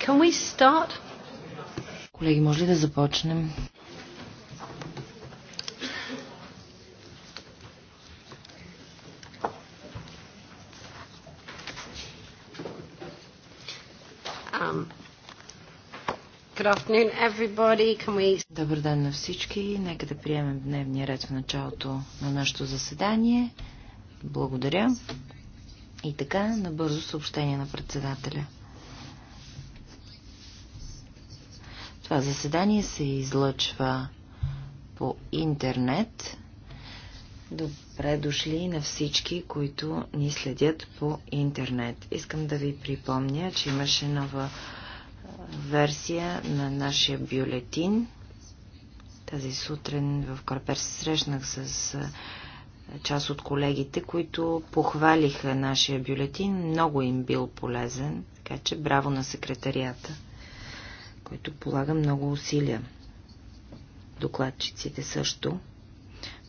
Can we start? Колеги, може ли да започнем? Um, good afternoon, everybody. Can we... Добър ден на всички. Нека да приемем дневния ред в началото на нашето заседание. Благодаря. И така, набързо съобщение на председателя. Това заседание се излъчва по интернет. Добре дошли на всички, които ни следят по интернет. Искам да ви припомня, че имаше нова версия на нашия бюлетин. Тази сутрин в Карпер се срещнах с част от колегите, които похвалиха нашия бюлетин. Много им бил полезен, така че браво на секретарията който полага много усилия. Докладчиците също.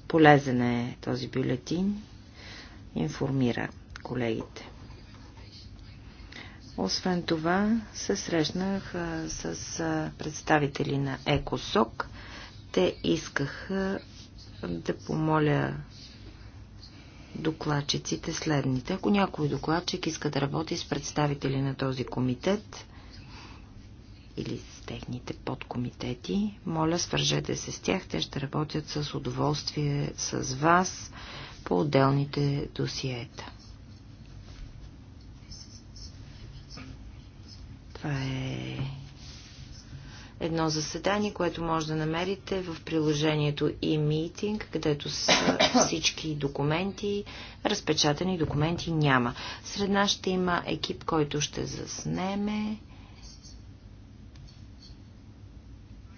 Полезен е този бюлетин. Информира колегите. Освен това, се срещнах с представители на ЕКОСОК. Те искаха да помоля докладчиците следните. Ако някой докладчик иска да работи с представители на този комитет или техните подкомитети. Моля, свържете се с тях. Те ще работят с удоволствие с вас по отделните досиета. Това е едно заседание, което може да намерите в приложението e-meeting, където са всички документи, разпечатани документи няма. Сред нас ще има екип, който ще заснеме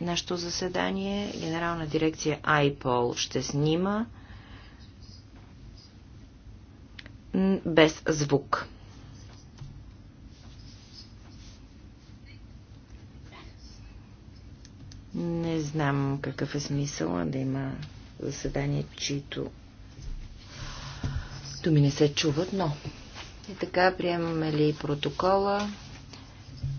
нашето заседание. Генерална дирекция Айпол ще снима без звук. Не знам какъв е смисъл да има заседание, чието думи не се чуват, но. И така, приемаме ли протокола?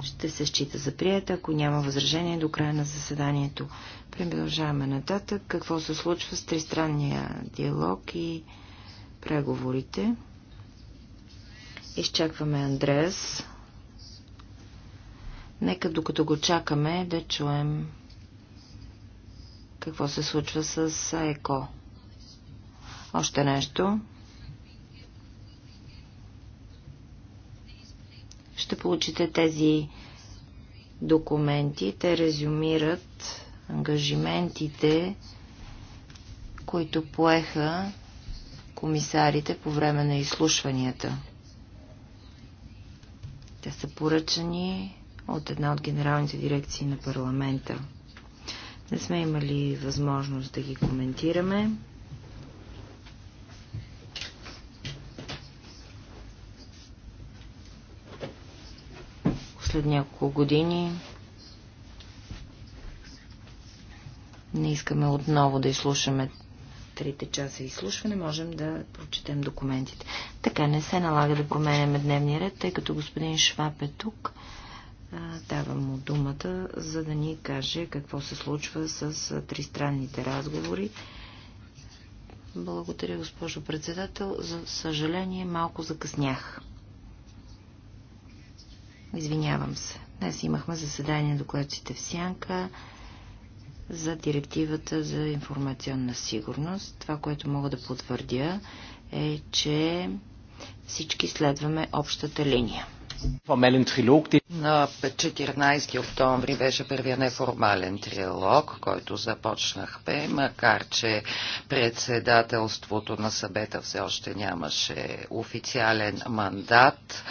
ще се счита за прията, ако няма възражение до края на заседанието. Приближаваме нататък. Какво се случва с тристранния диалог и преговорите? Изчакваме Андреас. Нека докато го чакаме да чуем какво се случва с ЕКО. Още нещо. ще получите тези документи. Те резюмират ангажиментите, които поеха комисарите по време на изслушванията. Те са поръчани от една от генералните дирекции на парламента. Не сме имали възможност да ги коментираме. след няколко години не искаме отново да изслушаме трите часа изслушване, можем да прочетем документите. Така, не се налага да променяме дневния ред, тъй като господин Шваб е тук. Давам му думата, за да ни каже какво се случва с тристранните разговори. Благодаря, госпожо председател. За съжаление, малко закъснях. Извинявам се. Днес имахме заседание на докладците в Сянка за директивата за информационна сигурност. Това, което мога да потвърдя е, че всички следваме общата линия. На 14 октомври беше първия неформален трилог, който започнахме, макар че председателството на съвета все още нямаше официален мандат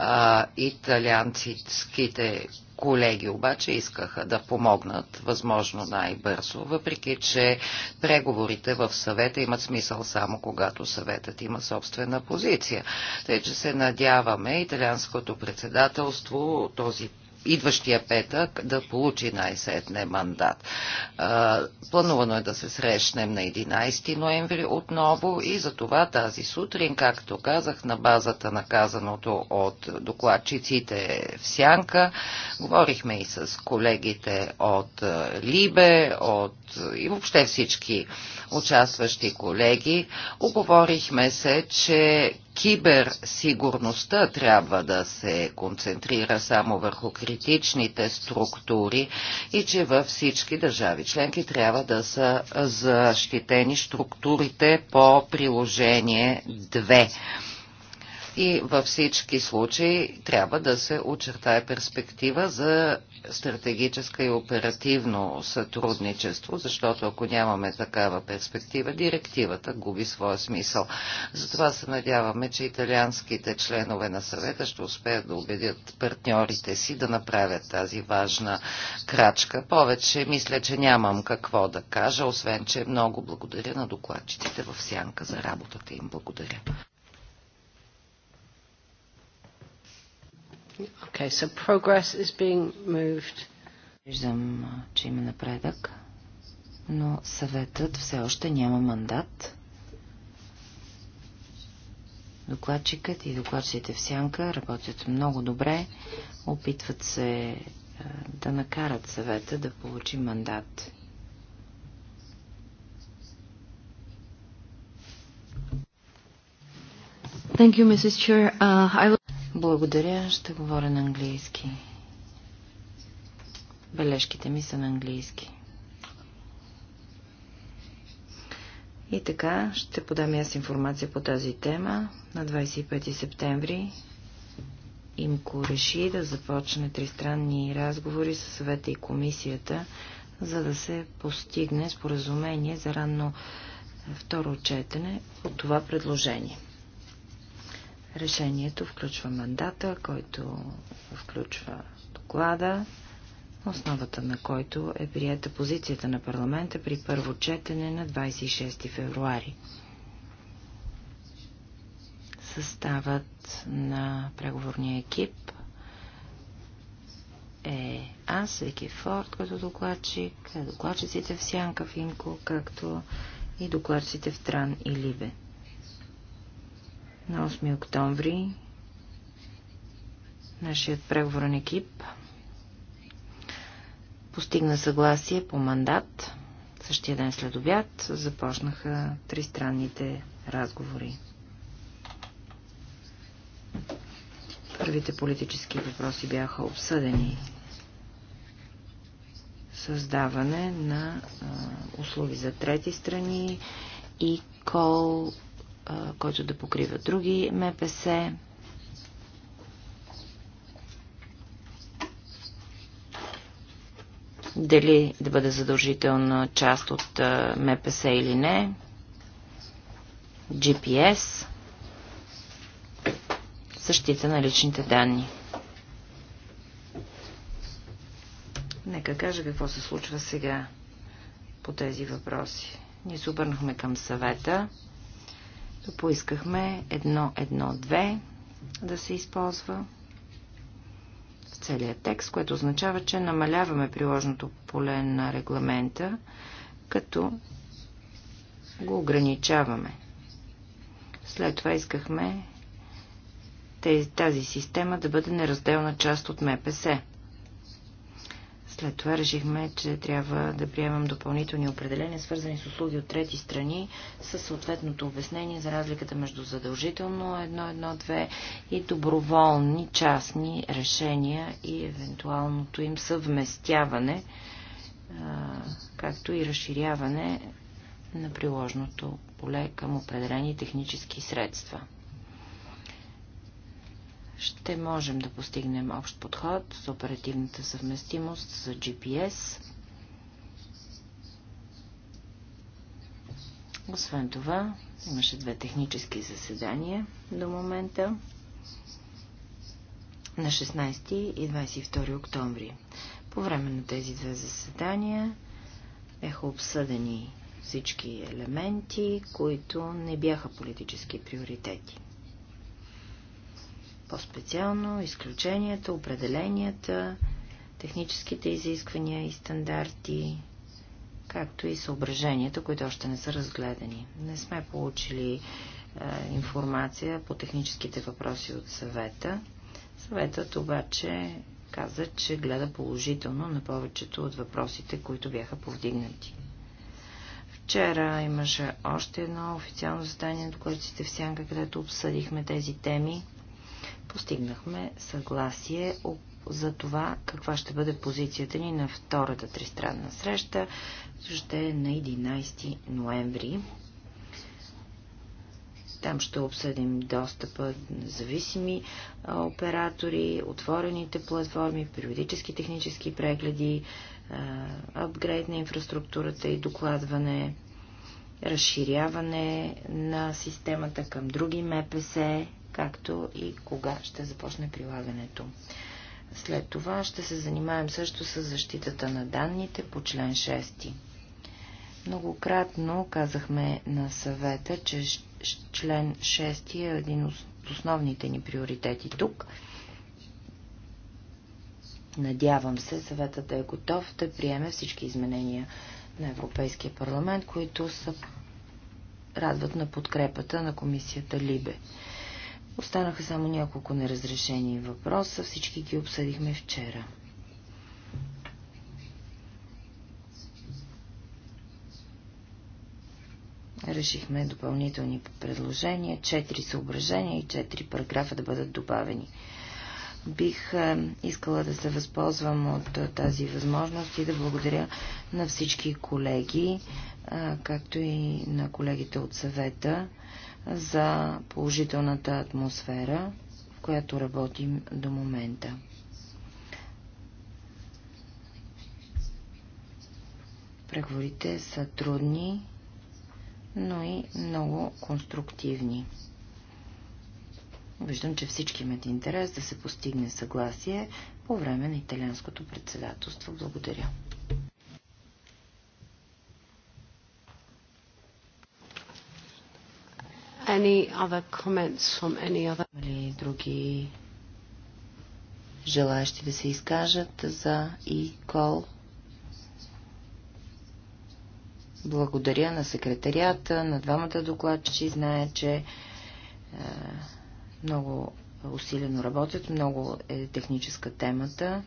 а, италианските колеги обаче искаха да помогнат възможно най-бързо, въпреки че преговорите в съвета имат смисъл само когато съветът има собствена позиция. Тъй, че се надяваме италианското председателство този идващия петък да получи най-сетне мандат. Планувано е да се срещнем на 11 ноември отново и за това тази сутрин, както казах, на базата на казаното от докладчиците в Сянка, говорихме и с колегите от Либе, от и въобще всички участващи колеги. Оговорихме се, че киберсигурността трябва да се концентрира само върху критичните структури и че във всички държави членки трябва да са защитени структурите по приложение 2 и във всички случаи трябва да се очертае перспектива за стратегическа и оперативно сътрудничество, защото ако нямаме такава перспектива, директивата губи своя смисъл. Затова се надяваме, че италианските членове на съвета ще успеят да убедят партньорите си да направят тази важна крачка. Повече мисля, че нямам какво да кажа, освен, че много благодаря на докладчиците в Сянка за работата им. Благодаря. Okay, so progress is being moved. Виждам, че има напредък, но съветът все още няма мандат. Докладчикът и докладчите в сянка работят много добре, опитват се да накарат съвета да получи мандат. Thank you, Mrs. Chair. Uh, I will... Благодаря, ще говоря на английски. Бележките ми са на английски. И така, ще подам аз информация по тази тема. На 25 септември Имко реши да започне тристранни разговори с съвета и комисията, за да се постигне споразумение за ранно второ четене от това предложение. Решението включва мандата, който включва доклада, основата на който е приета позицията на парламента при първо четене на 26 февруари. Съставът на преговорния екип е аз, Вики Форд, като докладчик, е докладчиците в Сянка в Инко, както и докладчиците в Тран и Либе. На 8 октомври нашият преговорен екип постигна съгласие по мандат. Същия ден след обяд започнаха тристранните разговори. Първите политически въпроси бяха обсъдени. Създаване на а, услуги за трети страни и кол който да покрива други МПС. Дали да бъде задължителна част от МПС или не. GPS. същита на личните данни. Нека кажа какво се случва сега по тези въпроси. Ние се обърнахме към съвета Поискахме 1.1.2 да се използва в целия текст, което означава, че намаляваме приложното поле на регламента, като го ограничаваме. След това искахме тази система да бъде неразделна част от МПС. След това решихме, че трябва да приемам допълнителни определения, свързани с услуги от трети страни, с съответното обяснение за разликата между задължително 1-1-2 и доброволни частни решения и евентуалното им съвместяване, както и разширяване на приложното поле към определени технически средства ще можем да постигнем общ подход с оперативната съвместимост за GPS. Освен това, имаше две технически заседания до момента на 16 и 22 октомври. По време на тези две заседания бяха обсъдени всички елементи, които не бяха политически приоритети. По-специално изключенията, определенията, техническите изисквания и стандарти, както и съображенията, които още не са разгледани. Не сме получили е, информация по техническите въпроси от съвета. Съветът обаче каза, че гледа положително на повечето от въпросите, които бяха повдигнати. Вчера имаше още едно официално задание до което сте в Сянка, където обсъдихме тези теми постигнахме съгласие за това каква ще бъде позицията ни на втората тристранна среща, ще е на 11 ноември. Там ще обсъдим достъпа независими оператори, отворените платформи, периодически технически прегледи, апгрейд на инфраструктурата и докладване, разширяване на системата към други МПС както и кога ще започне прилагането. След това ще се занимаем също с защитата на данните по член 6. Многократно казахме на съвета, че член 6 е един от основните ни приоритети тук. Надявам се съветът да е готов да приеме всички изменения на Европейския парламент, които са радват на подкрепата на комисията Либе. Останаха само няколко неразрешени въпроса, всички ги обсъдихме вчера. решихме допълнителни предложения, четири съображения и четири параграфа да бъдат добавени. Бих е, искала да се възползвам от е, тази възможност и да благодаря на всички колеги, е, както и на колегите от съвета, за положителната атмосфера, в която работим до момента. Преговорите са трудни, но и много конструктивни. Виждам, че всички имат интерес да се постигне съгласие по време на италианското председателство. Благодаря. any other comments from any other... Или други желаящи да се изкажат за и e кол. Благодаря на секретарията, на двамата докладчици. Знае, че е, много усилено работят, много е техническа темата.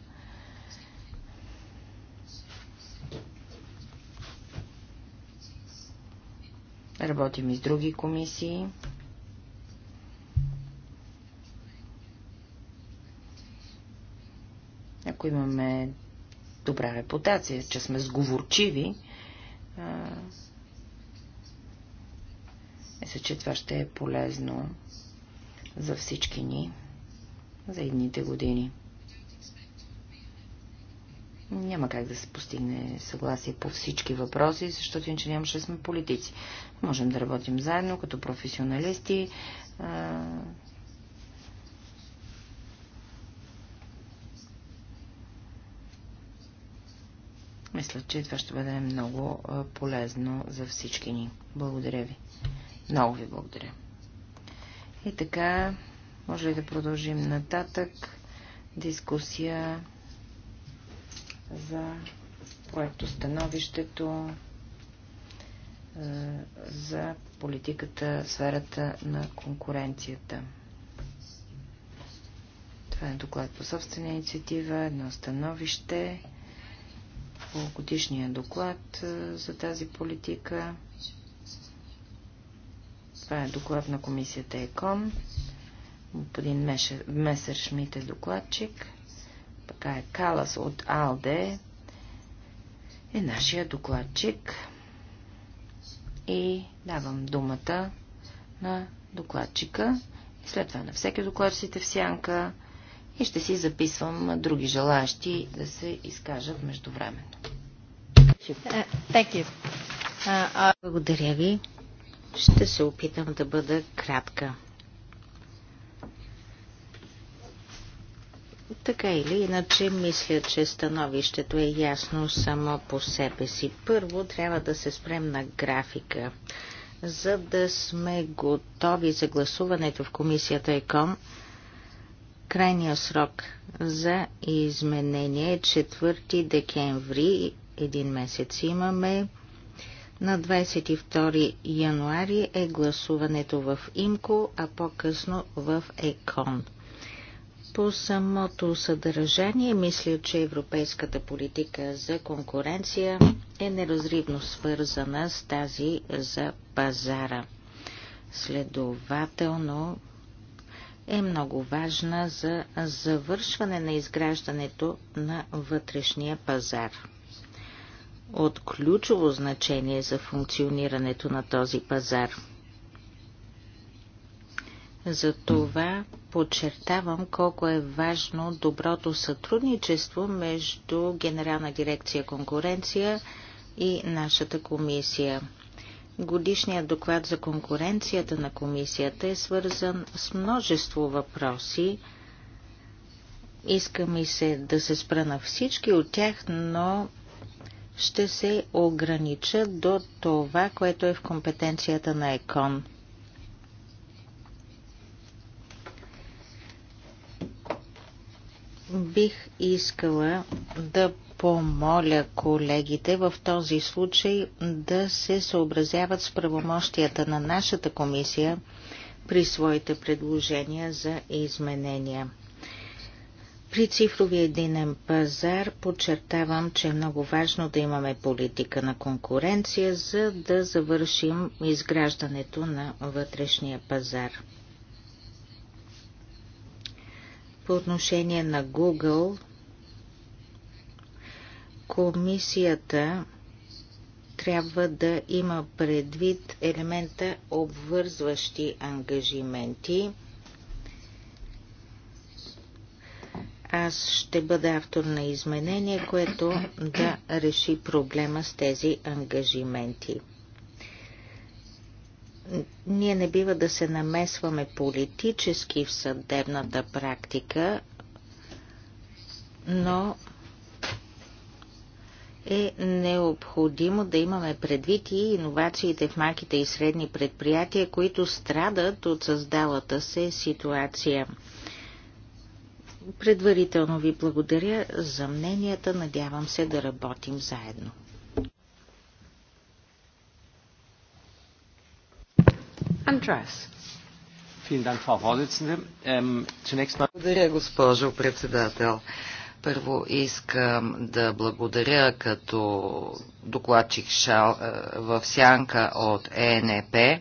Работим и с други комисии. Ако имаме добра репутация, че сме сговорчиви, мисля, че това ще е полезно за всички ни за едните години няма как да се постигне съгласие по всички въпроси, защото иначе нямаше да сме политици. Можем да работим заедно като професионалисти. Мисля, че това ще бъде много полезно за всички ни. Благодаря ви. Много ви благодаря. И така, може ли да продължим нататък дискусия за становището е, за политиката в сферата на конкуренцията. Това е доклад по собствена инициатива, едно становище по годишния доклад е, за тази политика. Това е доклад на комисията ЕКОМ. Господин Месершмит е докладчик така е Калас от АЛДЕ, е нашия докладчик. И давам думата на докладчика, и след това на всеки докладчите в сянка, и ще си записвам други желаящи да се изкажат междувременно. Благодаря ви. Ще се опитам да бъда кратка. Така или иначе, мисля, че становището е ясно само по себе си. Първо трябва да се спрем на графика. За да сме готови за гласуването в комисията ЕКОМ, крайният срок за изменение е 4 декември, един месец имаме. На 22 януари е гласуването в ИМКО, а по-късно в ЕКОН. По самото съдържание мисля, че европейската политика за конкуренция е неразривно свързана с тази за пазара. Следователно е много важна за завършване на изграждането на вътрешния пазар. От ключово значение за функционирането на този пазар – затова подчертавам колко е важно доброто сътрудничество между Генерална дирекция конкуренция и нашата комисия. Годишният доклад за конкуренцията на комисията е свързан с множество въпроси. Иска ми се да се спра на всички от тях, но ще се огранича до това, което е в компетенцията на ЕКОН. Бих искала да помоля колегите в този случай да се съобразяват с правомощията на нашата комисия при своите предложения за изменения. При цифровия единен пазар подчертавам, че е много важно да имаме политика на конкуренция, за да завършим изграждането на вътрешния пазар. по отношение на Google, комисията трябва да има предвид елемента обвързващи ангажименти. Аз ще бъда автор на изменение, което да реши проблема с тези ангажименти. Ние не бива да се намесваме политически в съдебната практика, но е необходимо да имаме предвид и иновациите в малките и средни предприятия, които страдат от създалата се ситуация. Предварително ви благодаря за мненията, надявам се да работим заедно. Ähm, благодаря, госпожо председател. Първо искам да благодаря като докладчик Шал, е, в Сянка от е ЕНП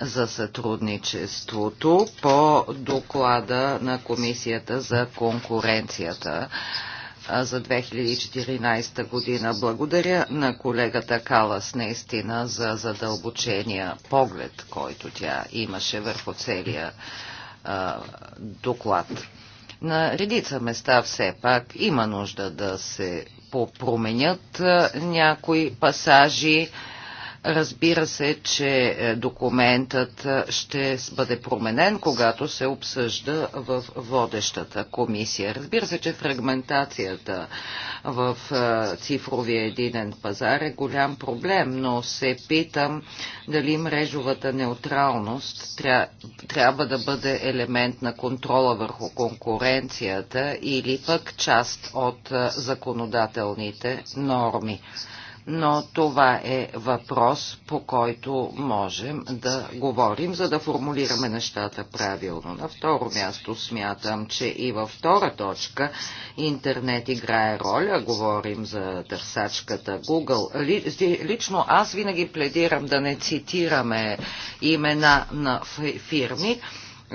за сътрудничеството по доклада на Комисията за конкуренцията за 2014 година. Благодаря на колегата Калас наистина за задълбочения поглед, който тя имаше върху целия а, доклад. На редица места все пак има нужда да се променят някои пасажи Разбира се, че е, документът е, ще бъде променен, когато се обсъжда в водещата комисия. Разбира се, че фрагментацията в е, цифровия единен пазар е голям проблем, но се питам дали мрежовата неутралност трябва да бъде елемент на контрола върху конкуренцията или пък част от законодателните норми но това е въпрос, по който можем да говорим, за да формулираме нещата правилно. На второ място смятам, че и във втора точка интернет играе роля. Говорим за търсачката Google. Лично аз винаги пледирам да не цитираме имена на фирми,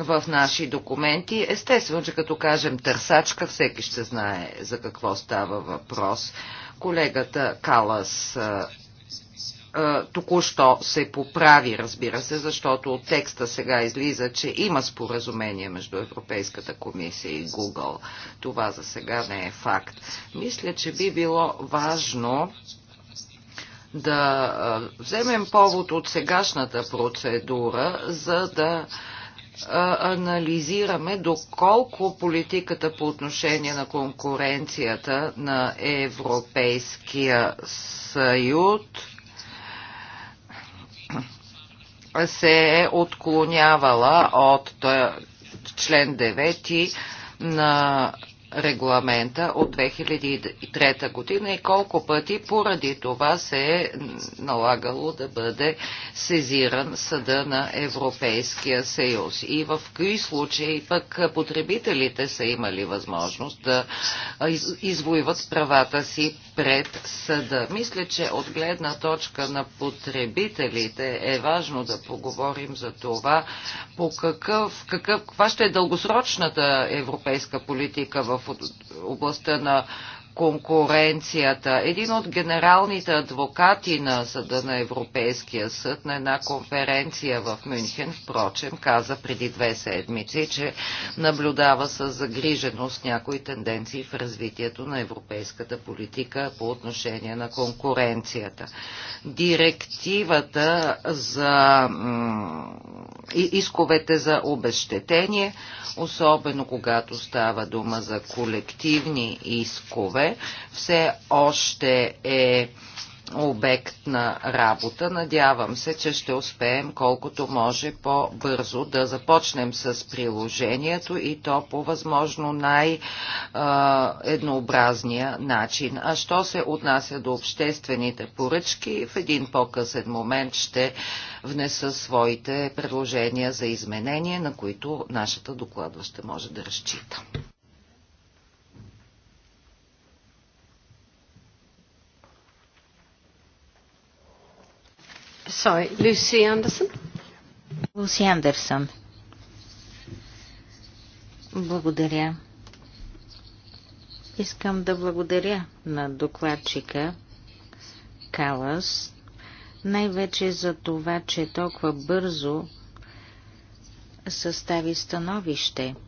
в наши документи. Естествено, че като кажем търсачка, всеки ще знае за какво става въпрос. Колегата Калас току-що се поправи, разбира се, защото от текста сега излиза, че има споразумение между Европейската комисия и Google. Това за сега не е факт. Мисля, че би било важно да вземем повод от сегашната процедура, за да а, анализираме доколко политиката по отношение на конкуренцията на Европейския съюз се е отклонявала от член 9 на регламента от 2003 година и колко пъти поради това се е налагало да бъде сезиран съда на Европейския съюз. И в кои случаи пък потребителите са имали възможност да извоюват правата си пред съда. Мисля, че от гледна точка на потребителите е важно да поговорим за това по какъв, какъв, каква ще е дългосрочната европейска политика в областта на конкуренцията. Един от генералните адвокати на Съда на Европейския съд на една конференция в Мюнхен, впрочем, каза преди две седмици, че наблюдава с загриженост някои тенденции в развитието на европейската политика по отношение на конкуренцията. Директивата за исковете за обещетение, особено когато става дума за колективни искове, все още е обект на работа. Надявам се, че ще успеем колкото може по-бързо да започнем с приложението и то по възможно най-еднообразния начин. А що се отнася до обществените поръчки, в един по-късен момент ще внеса своите предложения за изменение, на които нашата докладва ще може да разчита. Sorry, Lucy Anderson. Луси Андерсън. Благодаря. Искам да благодаря на докладчика Калас, най-вече за това, че толкова бързо състави становище –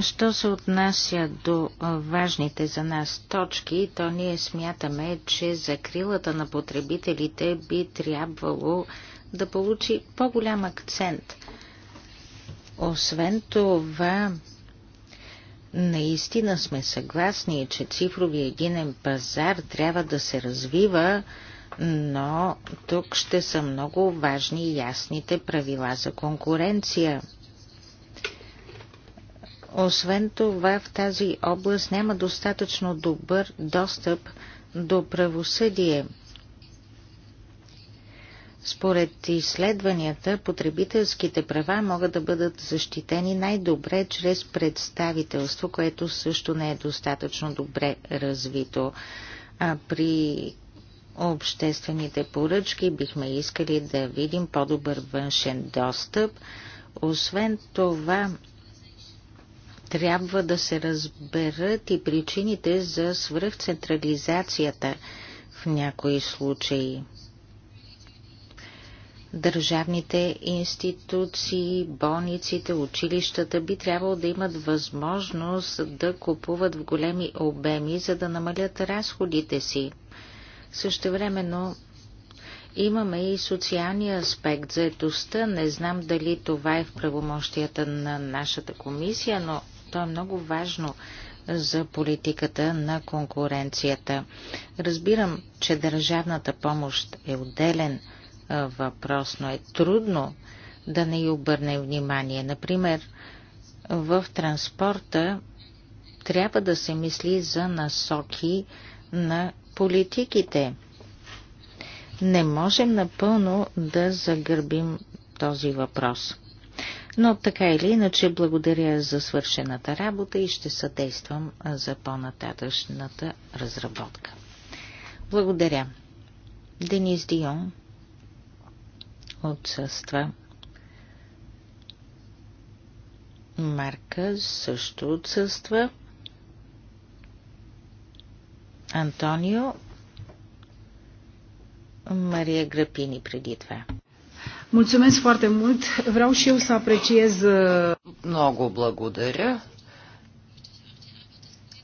Що се отнася до важните за нас точки, то ние смятаме, че закрилата на потребителите би трябвало да получи по-голям акцент. Освен това, наистина сме съгласни, че цифрови единен пазар трябва да се развива, но тук ще са много важни и ясните правила за конкуренция – освен това, в тази област няма достатъчно добър достъп до правосъдие. Според изследванията, потребителските права могат да бъдат защитени най-добре чрез представителство, което също не е достатъчно добре развито. А при обществените поръчки бихме искали да видим по-добър външен достъп. Освен това, трябва да се разберат и причините за свръхцентрализацията в някои случаи. Държавните институции, болниците, училищата би трябвало да имат възможност да купуват в големи обеми, за да намалят разходите си. Същевременно Имаме и социалния аспект, етостта. Не знам дали това е в правомощията на нашата комисия, но то е много важно за политиката на конкуренцията. Разбирам, че държавната помощ е отделен въпрос, но е трудно да не й обърне внимание. Например, в транспорта трябва да се мисли за насоки на политиките. Не можем напълно да загърбим този въпрос но така или иначе благодаря за свършената работа и ще съдействам за по-нататъчната разработка. Благодаря. Денис Дион отсъства. Марка също отсъства. Антонио Мария Грапини преди това. Mulțumesc foarte mult. Vreau și eu să apreciez... Uh, много благодаря.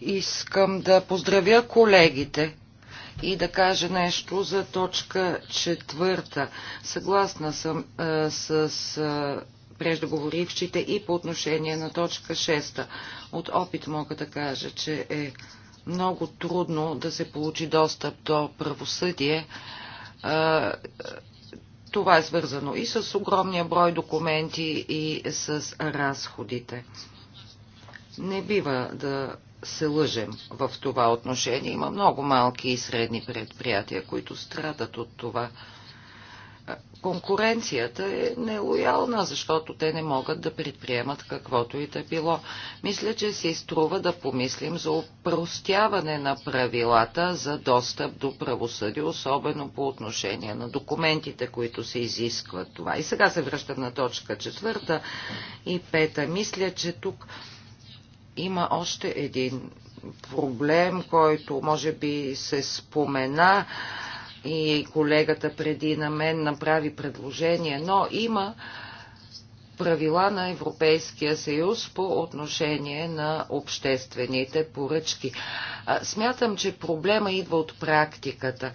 Искам да поздравя колегите и да кажа нещо за точка четвърта. Съгласна съм а, е, с а, е, преждеговорившите и по отношение на точка шеста. От опит мога да кажа, че е много трудно да се получи достъп до правосъдие а, е, това е свързано и с огромния брой документи и с разходите. Не бива да се лъжем в това отношение. Има много малки и средни предприятия, които страдат от това конкуренцията е нелоялна, защото те не могат да предприемат каквото и да било. Мисля, че си изтрува да помислим за упростяване на правилата за достъп до правосъдие, особено по отношение на документите, които се изискват това. И сега се връщам на точка четвърта и пета. Мисля, че тук има още един проблем, който може би се спомена и колегата преди на мен направи предложение, но има правила на Европейския съюз по отношение на обществените поръчки. Смятам, че проблема идва от практиката.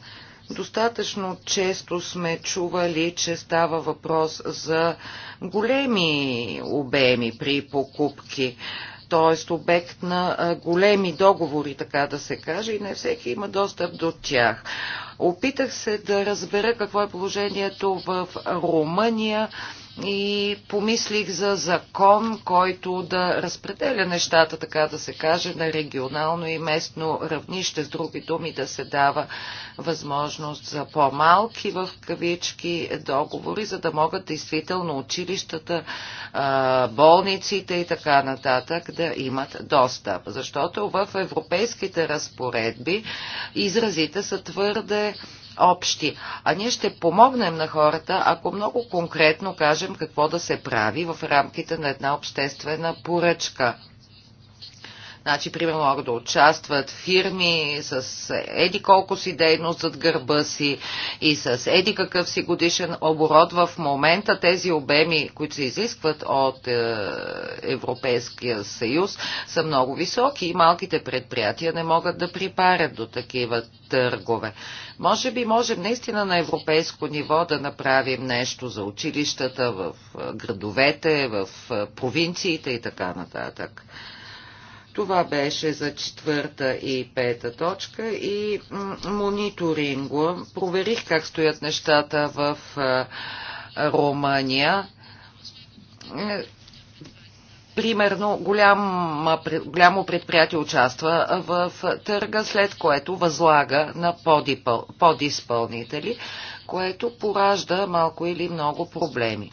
Достатъчно често сме чували, че става въпрос за големи обеми при покупки, т.е. обект на големи договори, така да се каже, и не всеки има достъп до тях. Опитах се да разбера какво е положението в Румъния и помислих за закон, който да разпределя нещата, така да се каже, на регионално и местно равнище, с други думи да се дава възможност за по-малки в кавички договори, за да могат действително училищата, болниците и така нататък да имат достъп. Защото в европейските разпоредби изразите са твърде общи, а ние ще помогнем на хората, ако много конкретно кажем какво да се прави в рамките на една обществена поръчка. Значи, примерно, могат да участват фирми с еди колко си дейност зад гърба си и с еди какъв си годишен оборот. В момента тези обеми, които се изискват от е, Европейския съюз, са много високи и малките предприятия не могат да припарят до такива търгове. Може би можем наистина на европейско ниво да направим нещо за училищата в е, градовете, в е, провинциите и така нататък. Това беше за четвърта и пета точка и мониторинго Проверих как стоят нещата в Румъния. Примерно голямо, голямо предприятие участва в търга, след което възлага на подизпълнители, което поражда малко или много проблеми.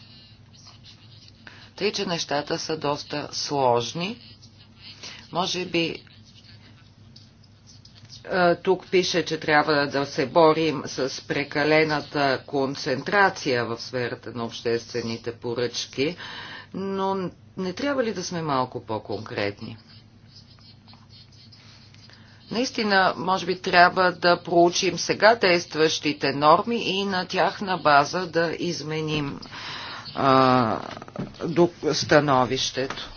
Тъй, че нещата са доста сложни може би е, тук пише, че трябва да се борим с прекалената концентрация в сферата на обществените поръчки, но не трябва ли да сме малко по-конкретни? Наистина, може би трябва да проучим сега действащите норми и на тяхна база да изменим а, становището.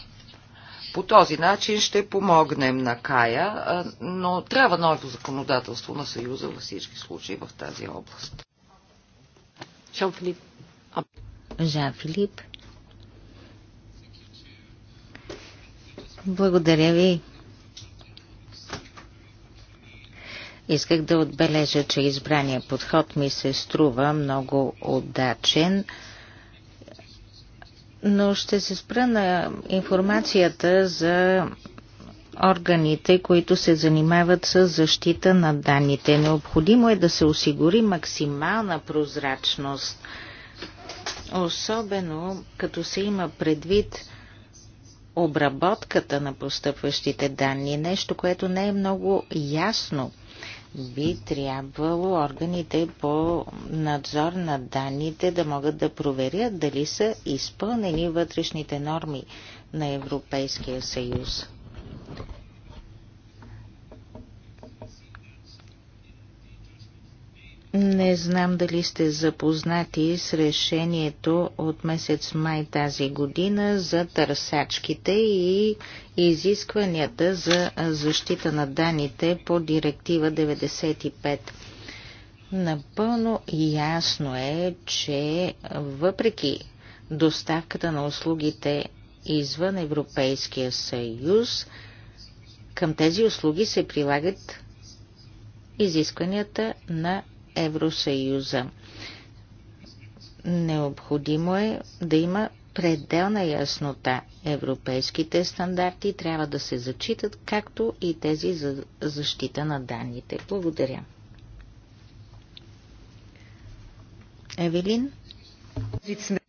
По този начин ще помогнем на Кая, но трябва ново законодателство на Съюза във всички случаи в тази област. Жан-Филип. Жан-Филип. Благодаря ви. Исках да отбележа, че избрания подход ми се струва много удачен но ще се спра на информацията за органите, които се занимават с защита на данните. Необходимо е да се осигури максимална прозрачност, особено като се има предвид обработката на постъпващите данни, нещо, което не е много ясно – би трябвало органите по надзор на данните да могат да проверят дали са изпълнени вътрешните норми на Европейския съюз. Не знам дали сте запознати с решението от месец май тази година за търсачките и изискванията за защита на данните по директива 95. Напълно ясно е, че въпреки доставката на услугите извън Европейския съюз, към тези услуги се прилагат изискванията на Евросъюза. Необходимо е да има пределна яснота. Европейските стандарти трябва да се зачитат, както и тези за защита на данните. Благодаря. Евелин?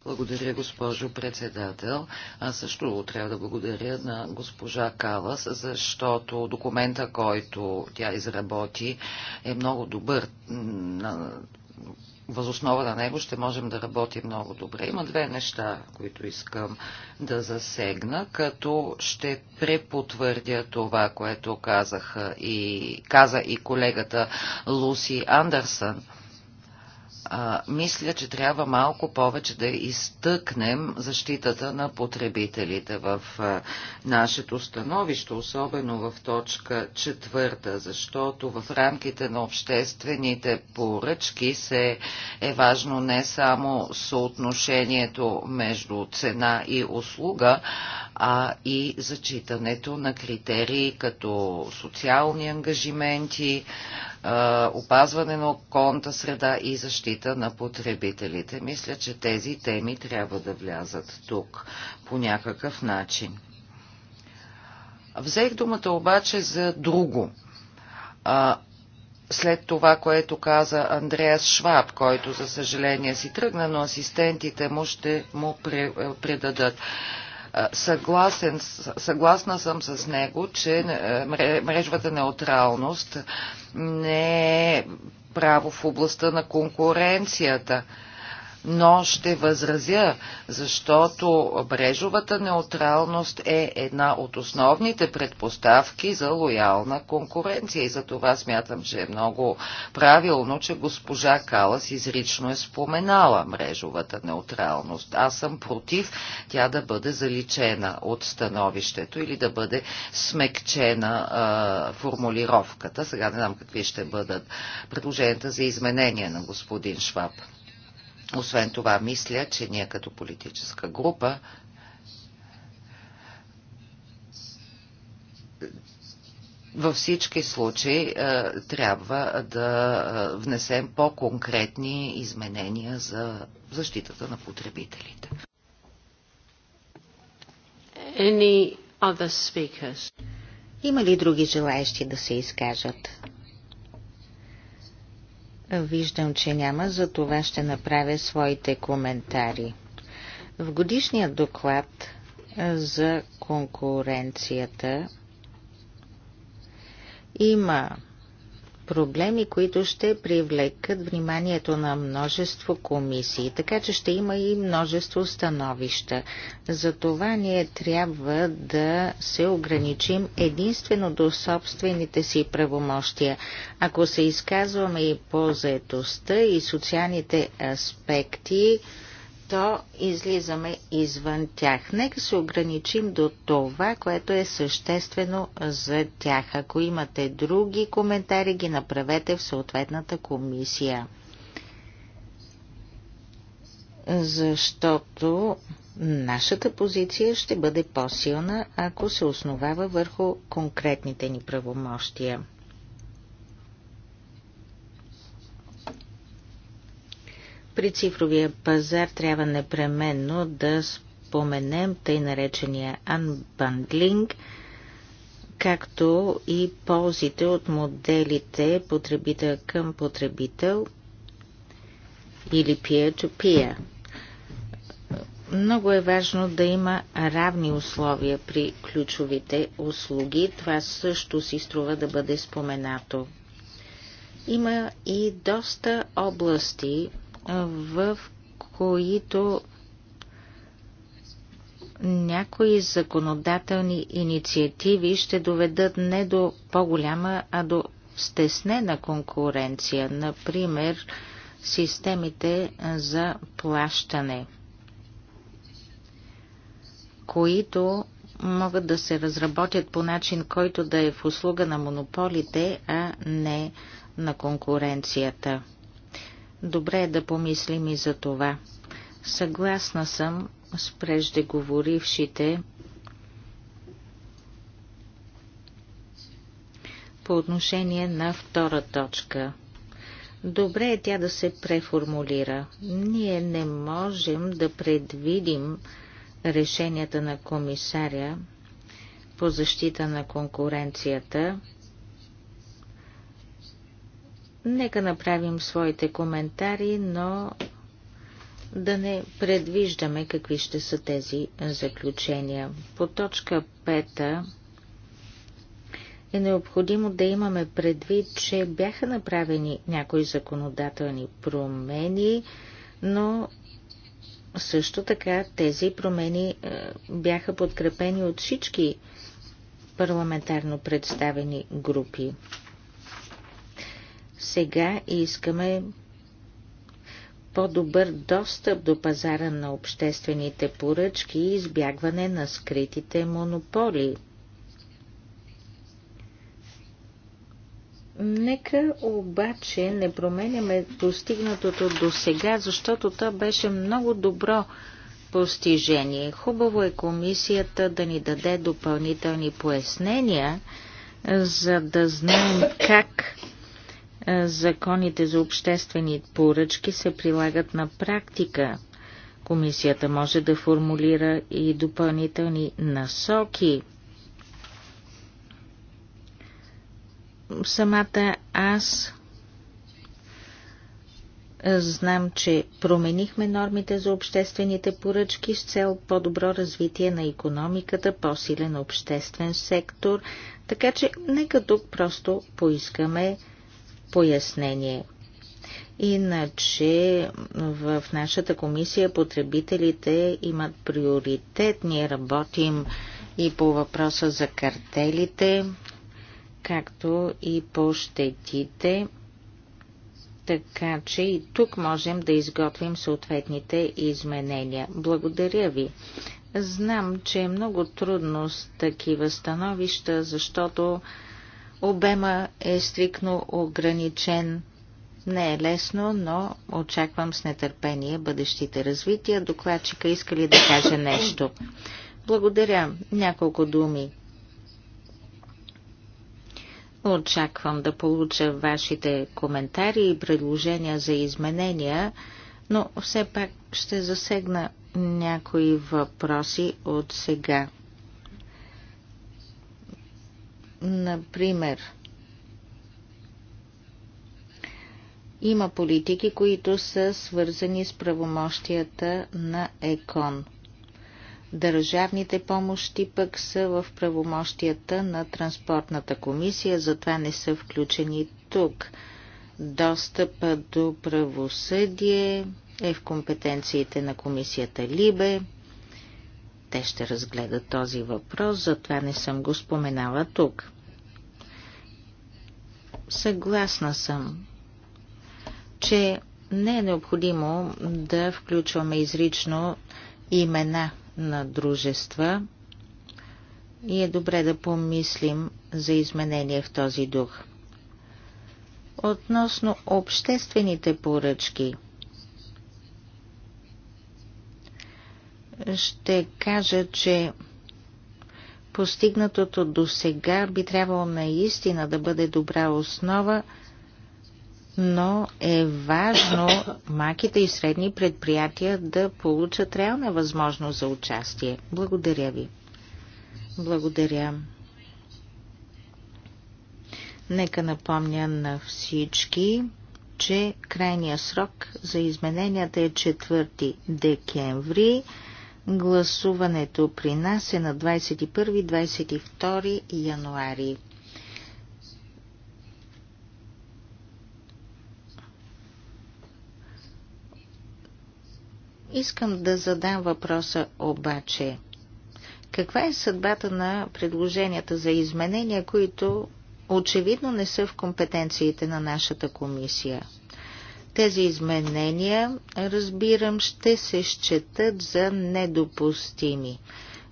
Благодаря, госпожо председател. Аз също трябва да благодаря на госпожа Калас, защото документа, който тя изработи, е много добър. Възоснова на него ще можем да работим много добре. Има две неща, които искам да засегна, като ще препотвърдя това, което казах и, каза и колегата Луси Андерсън – а, мисля, че трябва малко повече да изтъкнем защитата на потребителите в а, нашето становище, особено в точка четвърта, защото в рамките на обществените поръчки се е важно не само съотношението между цена и услуга, а и зачитането на критерии като социални ангажименти, опазване на околната среда и защита на потребителите. Мисля, че тези теми трябва да влязат тук по някакъв начин. Взех думата обаче за друго. А, след това, което каза Андреас Шваб, който за съжаление си тръгна, но асистентите му ще му предадат. Съгласен, съгласна съм с него, че е, мрежвата неутралност не е право в областта на конкуренцията но ще възразя, защото брежовата неутралност е една от основните предпоставки за лоялна конкуренция и за това смятам, че е много правилно, че госпожа Калас изрично е споменала мрежовата неутралност. Аз съм против тя да бъде заличена от становището или да бъде смекчена а, формулировката. Сега не знам какви ще бъдат предложенията за изменения на господин Шваб. Освен това, мисля, че ние като политическа група във всички случаи е, трябва да е, внесем по-конкретни изменения за защитата на потребителите. Има ли други желаящи да се изкажат? Виждам, че няма, за това ще направя своите коментари. В годишния доклад за конкуренцията има проблеми, които ще привлекат вниманието на множество комисии, така че ще има и множество становища. Затова ние трябва да се ограничим единствено до собствените си правомощия. Ако се изказваме и по заетостта и социалните аспекти, то излизаме извън тях. Нека се ограничим до това, което е съществено за тях. Ако имате други коментари, ги направете в съответната комисия. Защото нашата позиция ще бъде по-силна, ако се основава върху конкретните ни правомощия. При цифровия пазар трябва непременно да споменем тъй наречения unbundling, както и ползите от моделите потребител към потребител или peer-to-peer. -peer. Много е важно да има равни условия при ключовите услуги. Това също си струва да бъде споменато. Има и доста области, в които някои законодателни инициативи ще доведат не до по-голяма, а до стеснена конкуренция, например системите за плащане, които могат да се разработят по начин, който да е в услуга на монополите, а не на конкуренцията. Добре е да помислим и за това. Съгласна съм с преждеговорившите по отношение на втора точка. Добре е тя да се преформулира. Ние не можем да предвидим решенията на комисаря по защита на конкуренцията Нека направим своите коментари, но да не предвиждаме какви ще са тези заключения. По точка 5 е необходимо да имаме предвид, че бяха направени някои законодателни промени, но също така тези промени е, бяха подкрепени от всички парламентарно представени групи. Сега искаме по-добър достъп до пазара на обществените поръчки и избягване на скритите монополи. Нека обаче не променяме постигнатото до сега, защото то беше много добро постижение. Хубаво е комисията да ни даде допълнителни пояснения, за да знаем как е, законите за обществени поръчки се прилагат на практика. Комисията може да формулира и допълнителни насоки. Самата аз знам, че променихме нормите за обществените поръчки с цел по-добро развитие на економиката, по-силен обществен сектор, така че нека тук просто поискаме пояснение. Иначе в нашата комисия потребителите имат приоритет. Ние работим и по въпроса за картелите, както и по щетите. Така че и тук можем да изготвим съответните изменения. Благодаря ви. Знам, че е много трудно с такива становища, защото Обема е стрикно ограничен. Не е лесно, но очаквам с нетърпение бъдещите развития. Докладчика иска ли да каже нещо? Благодаря. Няколко думи. Очаквам да получа вашите коментари и предложения за изменения, но все пак ще засегна някои въпроси от сега. Например, има политики, които са свързани с правомощията на ЕКОН. Държавните помощи пък са в правомощията на Транспортната комисия, затова не са включени тук. Достъпа до правосъдие е в компетенциите на комисията Либе. Те ще разгледат този въпрос, затова не съм го споменала тук. Съгласна съм, че не е необходимо да включваме изрично имена на дружества и е добре да помислим за изменение в този дух. Относно обществените поръчки – ще кажа, че постигнатото до сега би трябвало наистина да бъде добра основа, но е важно маките и средни предприятия да получат реална възможност за участие. Благодаря ви. Благодаря. Нека напомня на всички, че крайния срок за измененията е 4 декември. Гласуването при нас е на 21-22 януари. Искам да задам въпроса обаче. Каква е съдбата на предложенията за изменения, които очевидно не са в компетенциите на нашата комисия? Тези изменения, разбирам, ще се счетат за недопустими.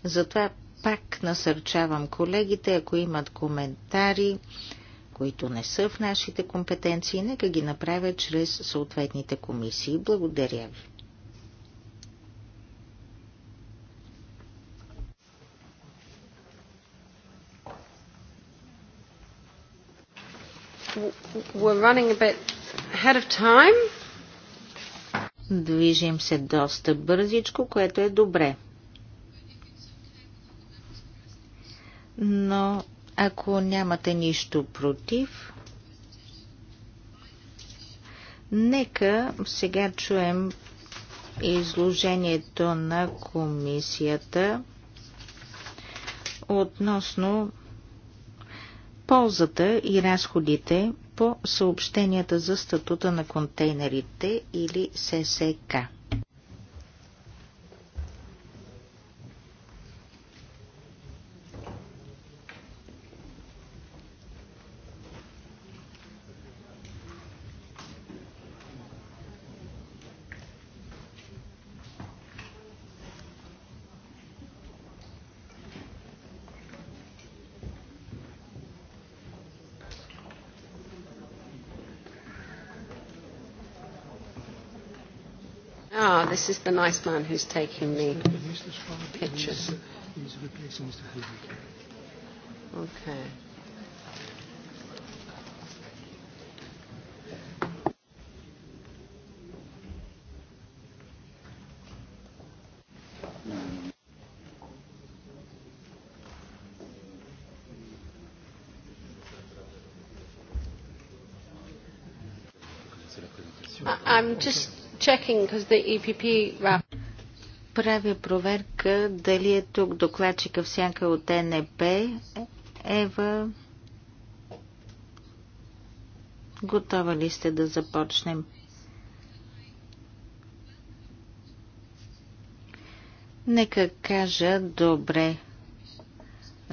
Затова пак насърчавам колегите, ако имат коментари, които не са в нашите компетенции, нека ги направят чрез съответните комисии. Благодаря ви. We're running a bit ahead of time. Движим се доста бързичко, което е добре. Но ако нямате нищо против, нека сега чуем изложението на комисията относно ползата и разходите по съобщенията за статута на контейнерите или ССК. This is the nice man who's taking the pictures. Okay. I'm just checking because the EPP Правя проверка дали е тук докладчика всяка от НП. Ева, готова ли сте да започнем? Нека кажа добре.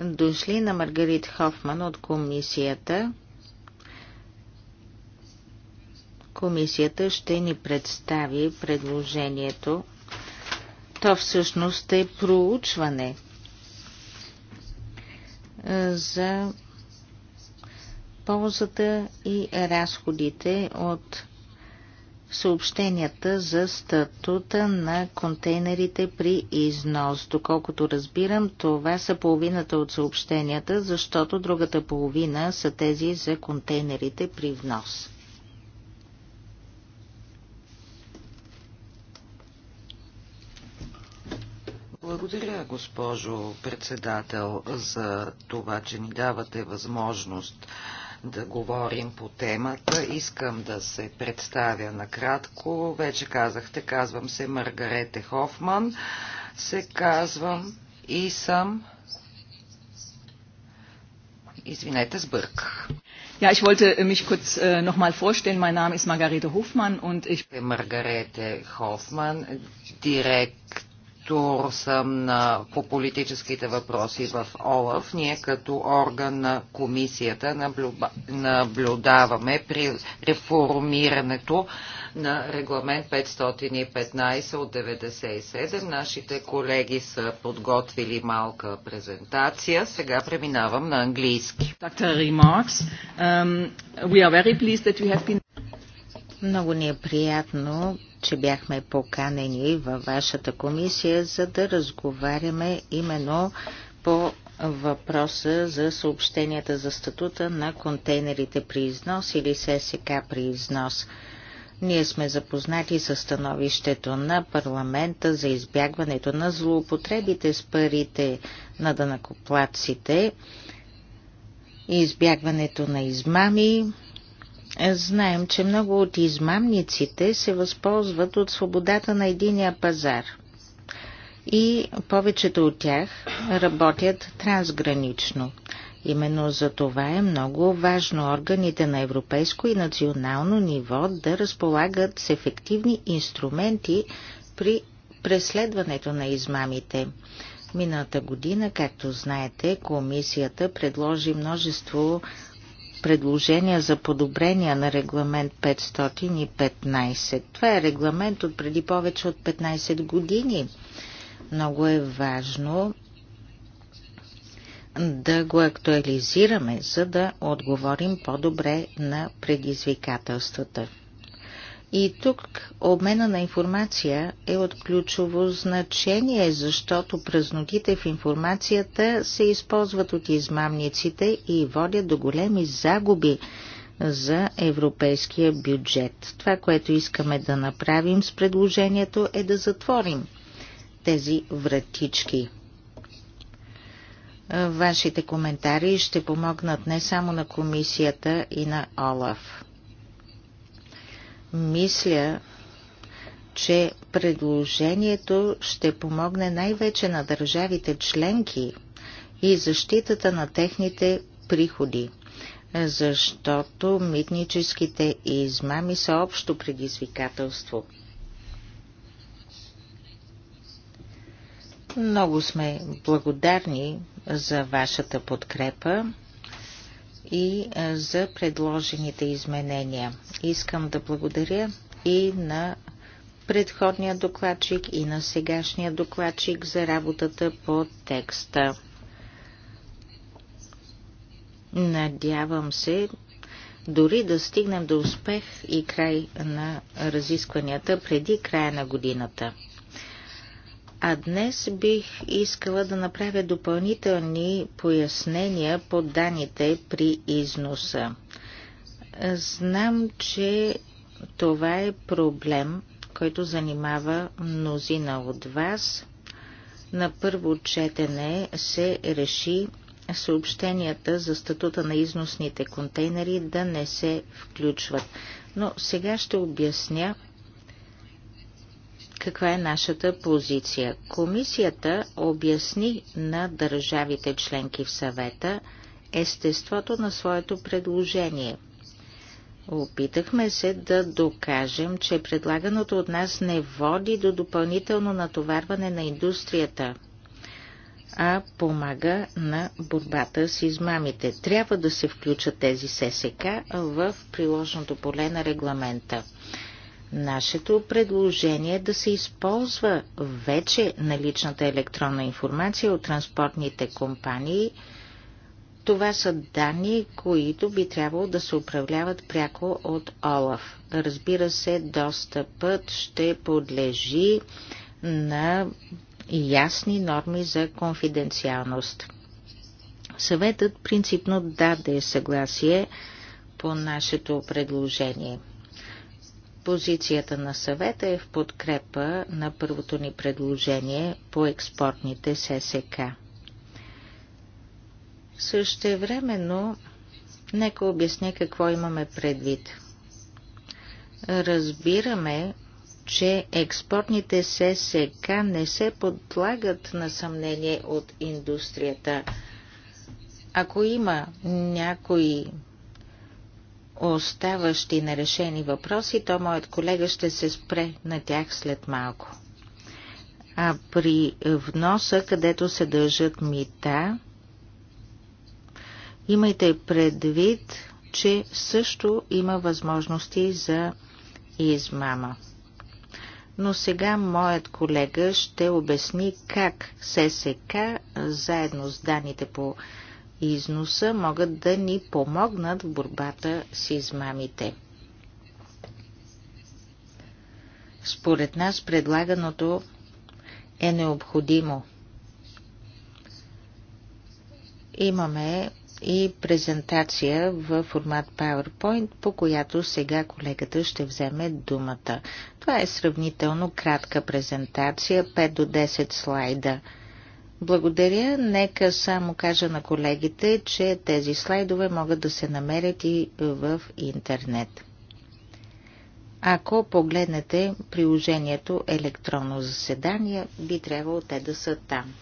Дошли на Маргарит Хофман от комисията. Комисията ще ни представи предложението. То всъщност е проучване е, за ползата и разходите от съобщенията за статута на контейнерите при износ. Доколкото разбирам, това са половината от съобщенията, защото другата половина са тези за контейнерите при внос. Благодаря, госпожо председател, за това, че ни давате възможност да говорим по темата. Искам да се представя накратко. Вече казахте, казвам се Маргарете Хофман. Се казвам и съм... Извинете, сбърках. Ja, ich wollte äh, mich kurz äh, nochmal vorstellen. Mein Name ist Margarete Hofmann und ich... Margarete Hofmann, direkt Тур съм на, по политическите въпроси в ОЛАФ. Ние като орган на комисията наблюба, наблюдаваме при реформирането на регламент 515 от 97. Нашите колеги са подготвили малка презентация. Сега преминавам на английски. Dr. Remarks, um, we are very pleased that you have been много ни е приятно, че бяхме поканени във вашата комисия, за да разговаряме именно по въпроса за съобщенията за статута на контейнерите при износ или ССК при износ. Ние сме запознати с становището на парламента за избягването на злоупотребите с парите на данакоплаците и избягването на измами, Знаем, че много от измамниците се възползват от свободата на единия пазар и повечето от тях работят трансгранично. Именно за това е много важно органите на европейско и национално ниво да разполагат с ефективни инструменти при преследването на измамите. Миналата година, както знаете, комисията предложи множество предложения за подобрения на регламент 515. Това е регламент от преди повече от 15 години. Много е важно да го актуализираме, за да отговорим по-добре на предизвикателствата. И тук обмена на информация е от ключово значение, защото празнотите в информацията се използват от измамниците и водят до големи загуби за европейския бюджет. Това, което искаме да направим с предложението е да затворим тези вратички. Вашите коментари ще помогнат не само на комисията и на Олаф. Мисля, че предложението ще помогне най-вече на държавите членки и защитата на техните приходи, защото митническите измами са общо предизвикателство. Много сме благодарни за вашата подкрепа и е, за предложените изменения. Искам да благодаря и на предходния докладчик и на сегашния докладчик за работата по текста. Надявам се, дори да стигнем до успех и край на разискванията преди края на годината. А днес бих искала да направя допълнителни пояснения по данните при износа. Знам, че това е проблем, който занимава мнозина от вас. На първо четене се реши съобщенията за статута на износните контейнери да не се включват. Но сега ще обясня каква е нашата позиция. Комисията обясни на държавите членки в съвета естеството на своето предложение. Опитахме се да докажем, че предлаганото от нас не води до допълнително натоварване на индустрията, а помага на борбата с измамите. Трябва да се включат тези ССК в приложното поле на регламента. Нашето предложение е да се използва вече наличната електронна информация от транспортните компании. Това са данни, които би трябвало да се управляват пряко от ОЛАФ. Разбира се, достъпът ще подлежи на ясни норми за конфиденциалност. Съветът принципно даде съгласие по нашето предложение – Позицията на съвета е в подкрепа на първото ни предложение по експортните ССК. Същевременно, нека обясня какво имаме предвид. Разбираме, че експортните ССК не се подлагат на съмнение от индустрията. Ако има някои оставащи нерешени въпроси, то моят колега ще се спре на тях след малко. А при вноса, където се държат мита, имайте предвид, че също има възможности за измама. Но сега моят колега ще обясни как ССК, заедно с данните по износа могат да ни помогнат в борбата с измамите. Според нас предлаганото е необходимо. Имаме и презентация в формат PowerPoint, по която сега колегата ще вземе думата. Това е сравнително кратка презентация, 5 до 10 слайда – благодаря. Нека само кажа на колегите, че тези слайдове могат да се намерят и в интернет. Ако погледнете приложението електронно заседание, би трябвало те да са там.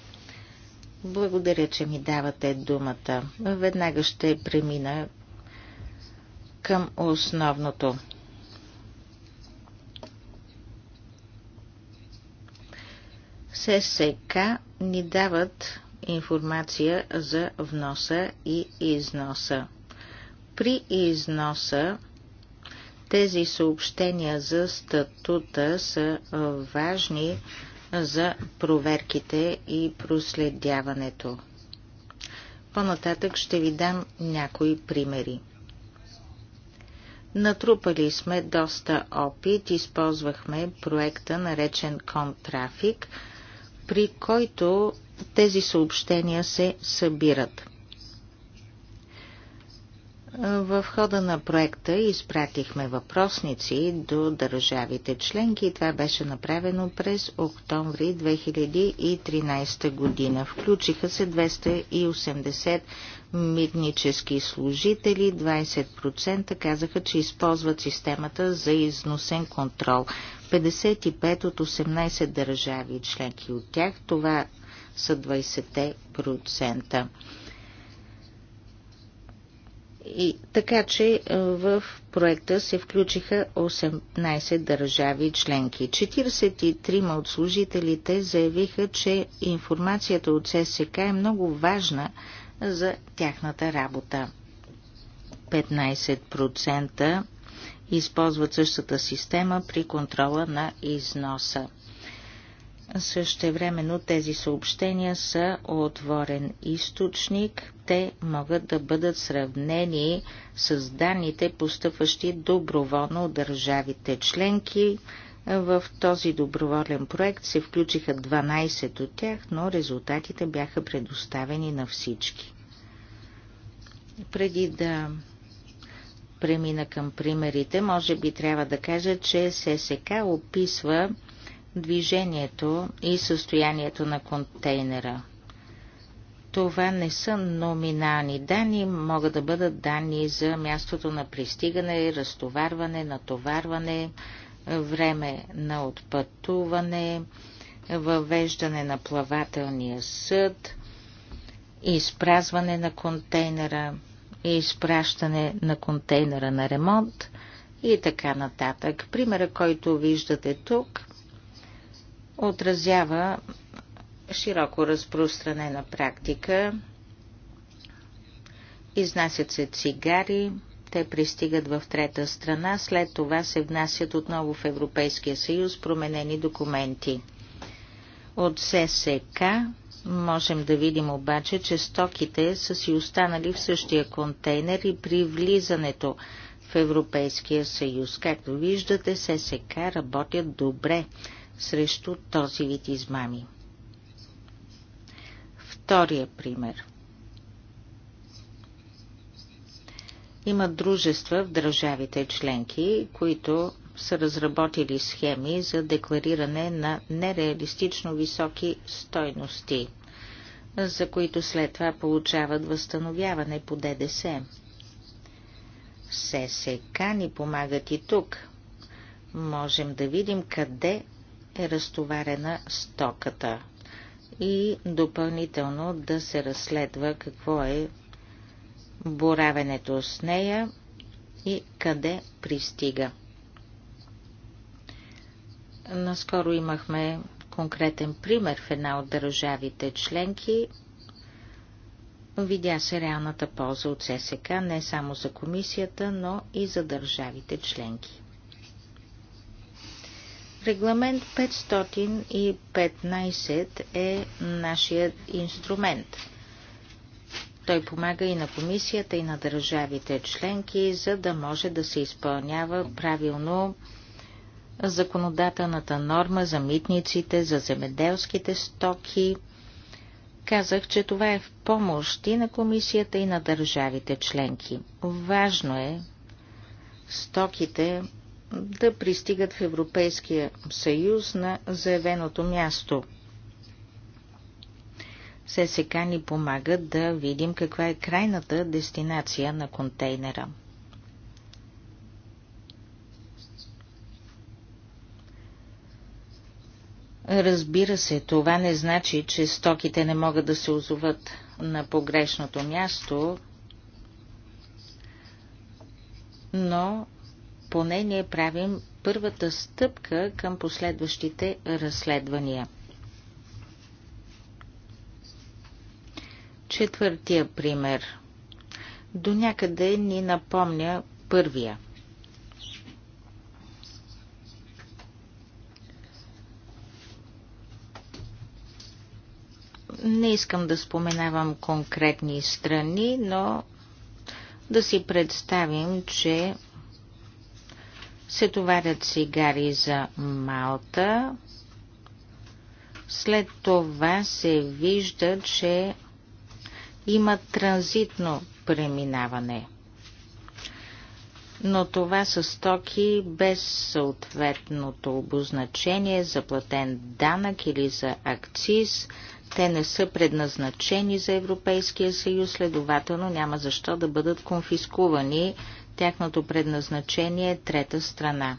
Благодаря, че ми давате думата. Веднага ще премина към основното. ССК ни дават информация за вноса и износа. При износа тези съобщения за статута са важни за проверките и проследяването. По-нататък ще ви дам някои примери. Натрупали сме доста опит, използвахме проекта наречен Комтрафик – при който тези съобщения се събират. В хода на проекта изпратихме въпросници до държавите членки и това беше направено през октомври 2013 година. Включиха се 280 митнически служители, 20% казаха, че използват системата за износен контрол. 55 от 18 държави членки от тях. Това са 20%. И, така че е, в проекта се включиха 18 държави членки. 43 от служителите заявиха, че информацията от ССК е много важна за тяхната работа. 15% използват същата система при контрола на износа. времено тези съобщения са отворен източник. Те могат да бъдат сравнени с данните, постъпващи доброволно от държавите членки. В този доброволен проект се включиха 12 от тях, но резултатите бяха предоставени на всички. Преди да премина към примерите, може би трябва да кажа, че ССК описва движението и състоянието на контейнера. Това не са номинални данни, могат да бъдат данни за мястото на пристигане, разтоварване, натоварване, време на отпътуване, въвеждане на плавателния съд, изпразване на контейнера – изпращане на контейнера на ремонт и така нататък. Примера, който виждате тук, отразява широко разпространена практика. Изнасят се цигари, те пристигат в трета страна, след това се внасят отново в Европейския съюз променени документи. От ССК Можем да видим обаче, че стоките са си останали в същия контейнер и при влизането в Европейския съюз. Както виждате, ССК работят добре срещу този вид измами. Втория пример. Има дружества в държавите членки, които са разработили схеми за деклариране на нереалистично високи стойности, за които след това получават възстановяване по ДДС. ССК ни помагат и тук. Можем да видим къде е разтоварена стоката и допълнително да се разследва какво е боравенето с нея и къде пристига. Наскоро имахме конкретен пример в една от държавите членки. Видя се реалната полза от ССК не само за комисията, но и за държавите членки. Регламент 515 е нашият инструмент. Той помага и на комисията, и на държавите членки, за да може да се изпълнява правилно законодателната норма за митниците, за земеделските стоки. Казах, че това е в помощ и на комисията, и на държавите членки. Важно е стоките да пристигат в Европейския съюз на заявеното място. ССК ни помага да видим каква е крайната дестинация на контейнера. Разбира се, това не значи, че стоките не могат да се озоват на погрешното място, но поне ние правим първата стъпка към последващите разследвания. Четвъртия пример. До някъде ни напомня първия – Не искам да споменавам конкретни страни, но да си представим, че се товарят цигари за Малта. След това се вижда, че има транзитно преминаване. Но това са стоки без съответното обозначение за платен данък или за акциз – те не са предназначени за Европейския съюз, следователно няма защо да бъдат конфискувани. Тяхното предназначение е трета страна.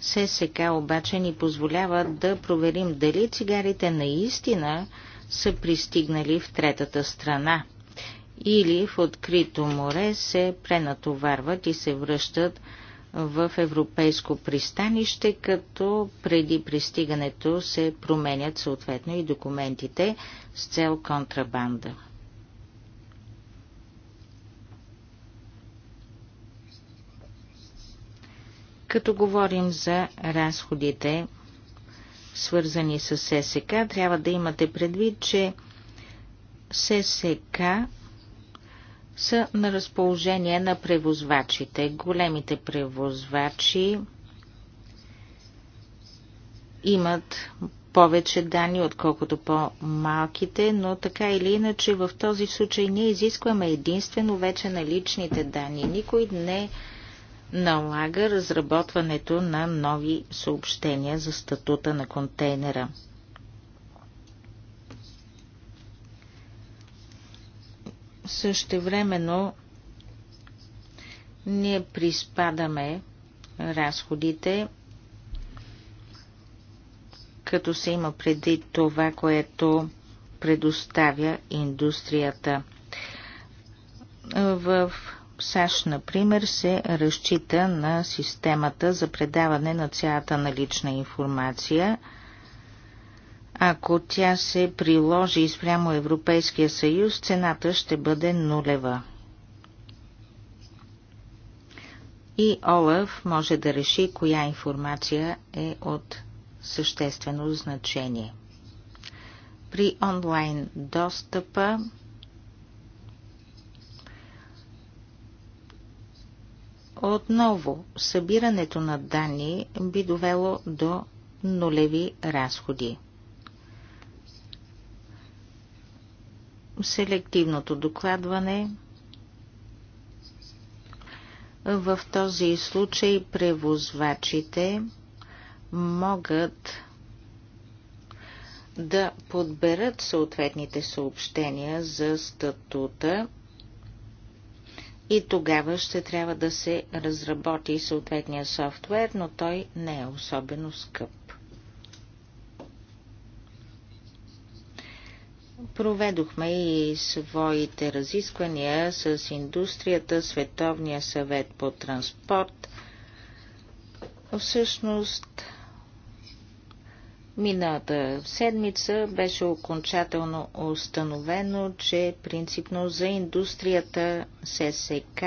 ССК обаче ни позволява да проверим дали цигарите наистина са пристигнали в третата страна или в открито море се пренатоварват и се връщат в европейско пристанище, като преди пристигането се променят съответно и документите с цел контрабанда. Като говорим за разходите, свързани с ССК, трябва да имате предвид, че ССК са на разположение на превозвачите. Големите превозвачи имат повече данни, отколкото по-малките, но така или иначе в този случай ние изискваме единствено вече на личните данни. Никой не налага разработването на нови съобщения за статута на контейнера. времено ние приспадаме разходите, като се има преди това, което предоставя индустрията. В САЩ, например, се разчита на системата за предаване на цялата налична информация – ако тя се приложи спрямо Европейския съюз, цената ще бъде нулева. И Олаф може да реши коя информация е от съществено значение. При онлайн достъпа Отново, събирането на данни би довело до нулеви разходи. селективното докладване. В този случай превозвачите могат да подберат съответните съобщения за статута и тогава ще трябва да се разработи съответния софтуер, но той не е особено скъп. Проведохме и своите разисквания с индустрията, Световния съвет по транспорт. Всъщност, миналата седмица беше окончателно установено, че принципно за индустрията ССК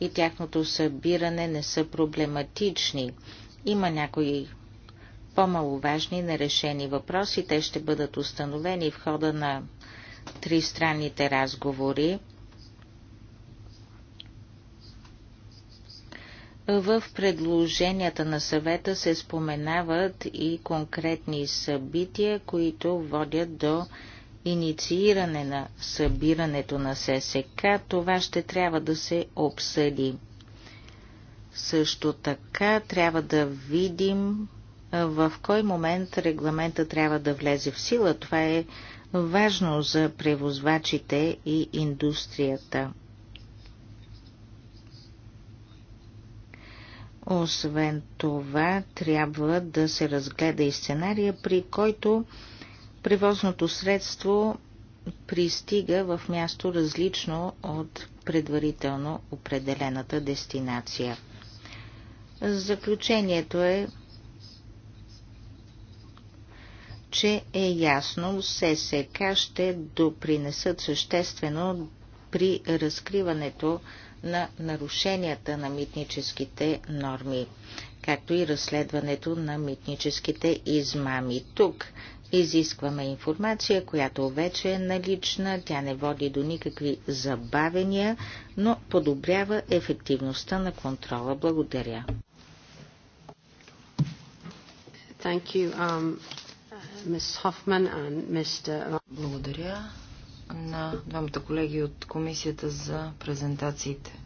и тяхното събиране не са проблематични. Има някои по-маловажни нерешени въпроси. Те ще бъдат установени в хода на тристранните разговори. В предложенията на съвета се споменават и конкретни събития, които водят до иницииране на събирането на ССК. Това ще трябва да се обсъди. Също така трябва да видим в кой момент регламента трябва да влезе в сила. Това е важно за превозвачите и индустрията. Освен това, трябва да се разгледа и сценария, при който превозното средство пристига в място различно от предварително определената дестинация. Заключението е, че е ясно, ССК ще допринесат съществено при разкриването на нарушенията на митническите норми, както и разследването на митническите измами. Тук изискваме информация, която вече е налична, тя не води до никакви забавения, но подобрява ефективността на контрола. Благодаря. Thank you. Um, благодаря на двамата колеги от комисията за презентациите.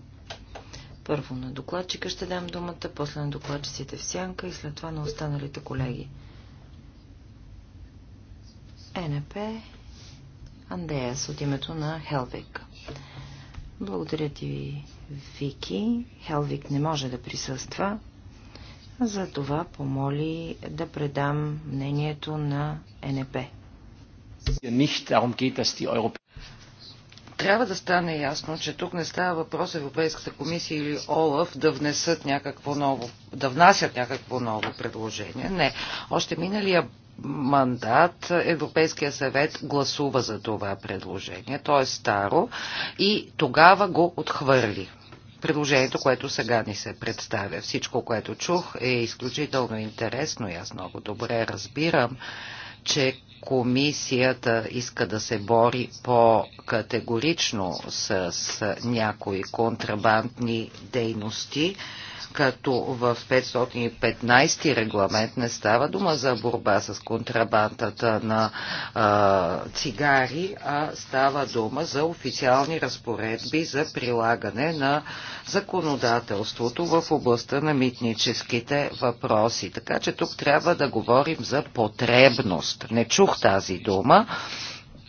Първо на докладчика ще дам думата, после на докладчиците в сянка и след това на останалите колеги. НП Андеас от името на Хелвик. Благодаря ти, Вики. Хелвик не може да присъства. За това помоли да предам мнението на НП. Трябва да стане ясно, че тук не става въпрос Европейската комисия или ОЛАФ да внесат някакво ново, да внасят някакво ново предложение. Не. Още миналия мандат Европейския съвет гласува за това предложение. То е старо и тогава го отхвърли предложението, което сега ни се представя. Всичко, което чух, е изключително интересно и аз много добре разбирам, че комисията иска да се бори по-категорично с някои контрабандни дейности, като в 515 регламент не става дума за борба с контрабандата на а, цигари, а става дума за официални разпоредби за прилагане на законодателството в областта на митническите въпроси. Така че тук трябва да говорим за потребност. Не чух тази дума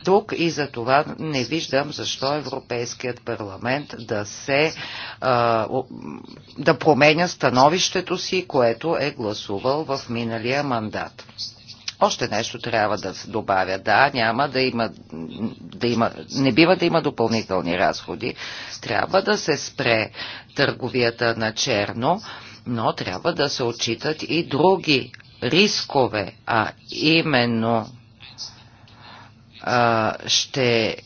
тук и за това не виждам защо Европейският парламент да се да променя становището си, което е гласувал в миналия мандат. Още нещо трябва да се добавя. Да, няма да има, да има, не бива да има допълнителни разходи. Трябва да се спре търговията на черно, но трябва да се отчитат и други рискове, а именно ще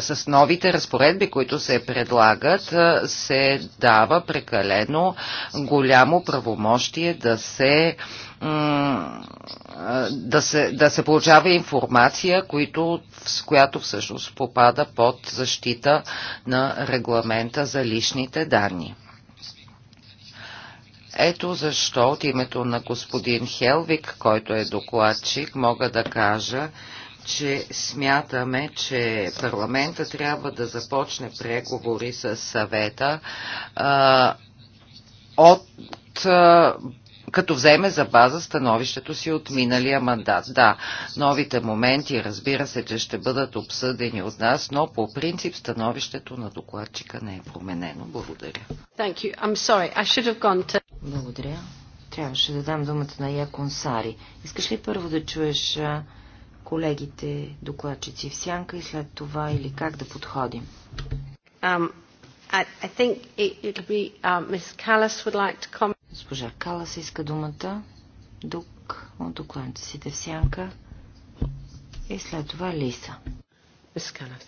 с новите разпоредби, които се предлагат, се дава прекалено голямо правомощие да се, да се, да се получава информация, които, с която всъщност попада под защита на регламента за личните данни. Ето защо от името на господин Хелвик, който е докладчик, мога да кажа, че смятаме, че парламента трябва да започне преговори с съвета а, от а, като вземе за база становището си от миналия мандат. Да, новите моменти разбира се, че ще бъдат обсъдени от нас, но по принцип становището на докладчика не е променено. Благодаря. To... Благодаря. Трябваше да дам думата на Якон Сари. Искаш ли първо да чуеш колегите докладчици в сянка и след това или как да подходим? Um, uh, Госпожа Калас иска думата. Дук от докладчиците в сянка. И след това Лиса. Мис Калас.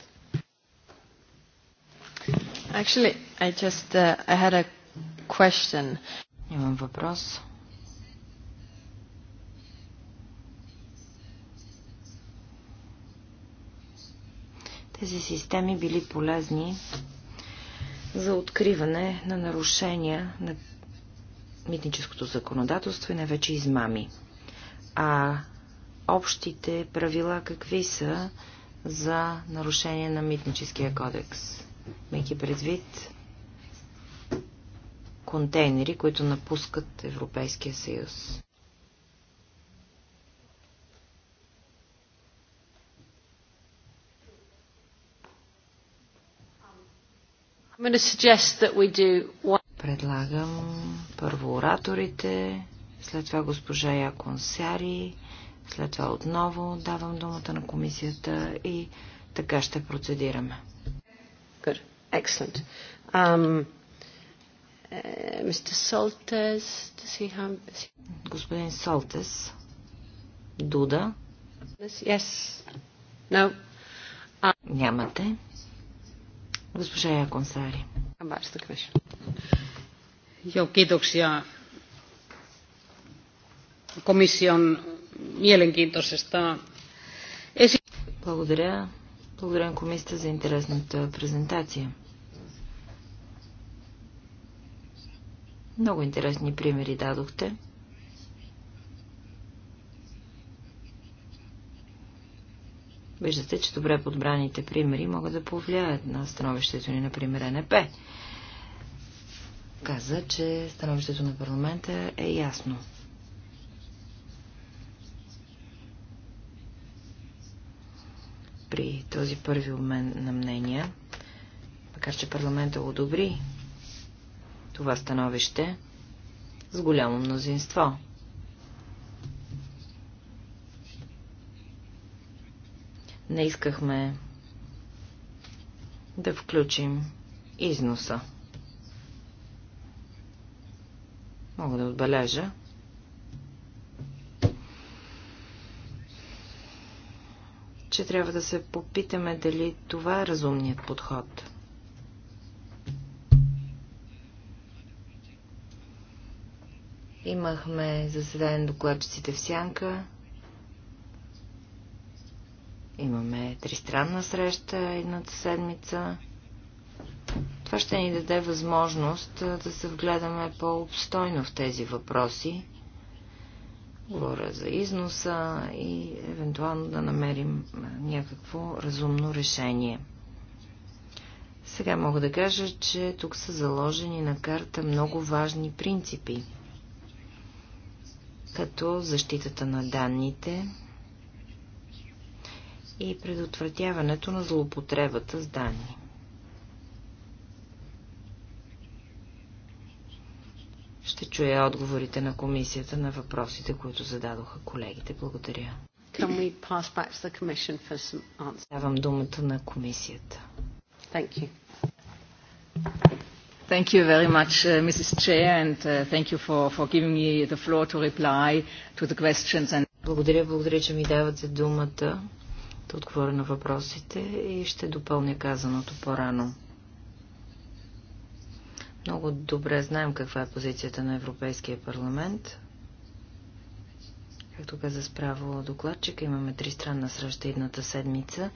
Actually, I just uh, I had a question. Имам въпрос. Тези системи били полезни за откриване на нарушения на митническото законодателство и най-вече измами. А общите правила какви са за нарушение на митническия кодекс? Мейки предвид контейнери, които напускат Европейския съюз. Предлагам първо ораторите, след това госпожа Якон Сяри, след това отново давам думата на комисията и така ще процедираме. Good. Excellent. Um, uh, Mr. Soltes, does he have... Господин Солтес, Дуда. Yes. No. Uh, Нямате. Госпожа Яконсари. Joo, kiitoksia mielenkiintoisesta esi... Благодаря. Благодаря на комисията за интересната презентация. Много интересни примери дадохте. Виждате, че добре подбраните примери могат да повлияят на становището ни, например, НП. Каза, че становището на парламента е ясно. При този първи обмен на мнения, макар че парламента одобри това становище с голямо мнозинство. не искахме да включим износа. Мога да отбележа, че трябва да се попитаме дали това е разумният подход. Имахме заседание докладчиците в Сянка. Имаме тристранна среща едната седмица. Това ще ни даде възможност да се вгледаме по-обстойно в тези въпроси. Говоря за износа и евентуално да намерим някакво разумно решение. Сега мога да кажа, че тук са заложени на карта много важни принципи, като защитата на данните, и предотвратяването на злоупотребата с данни. Ще чуя отговорите на комисията на въпросите, които зададоха колегите. Благодаря. Давам думата на комисията. Thank you. Thank you very much, uh, Mrs. Chair, and uh, thank you for, for giving me the floor to reply to the questions. And... Благодаря, благодаря, че ми давате думата да отговоря на въпросите и ще допълня казаното по-рано. Много добре знаем каква е позицията на Европейския парламент. Както каза справо докладчика, имаме тристранна среща едната седмица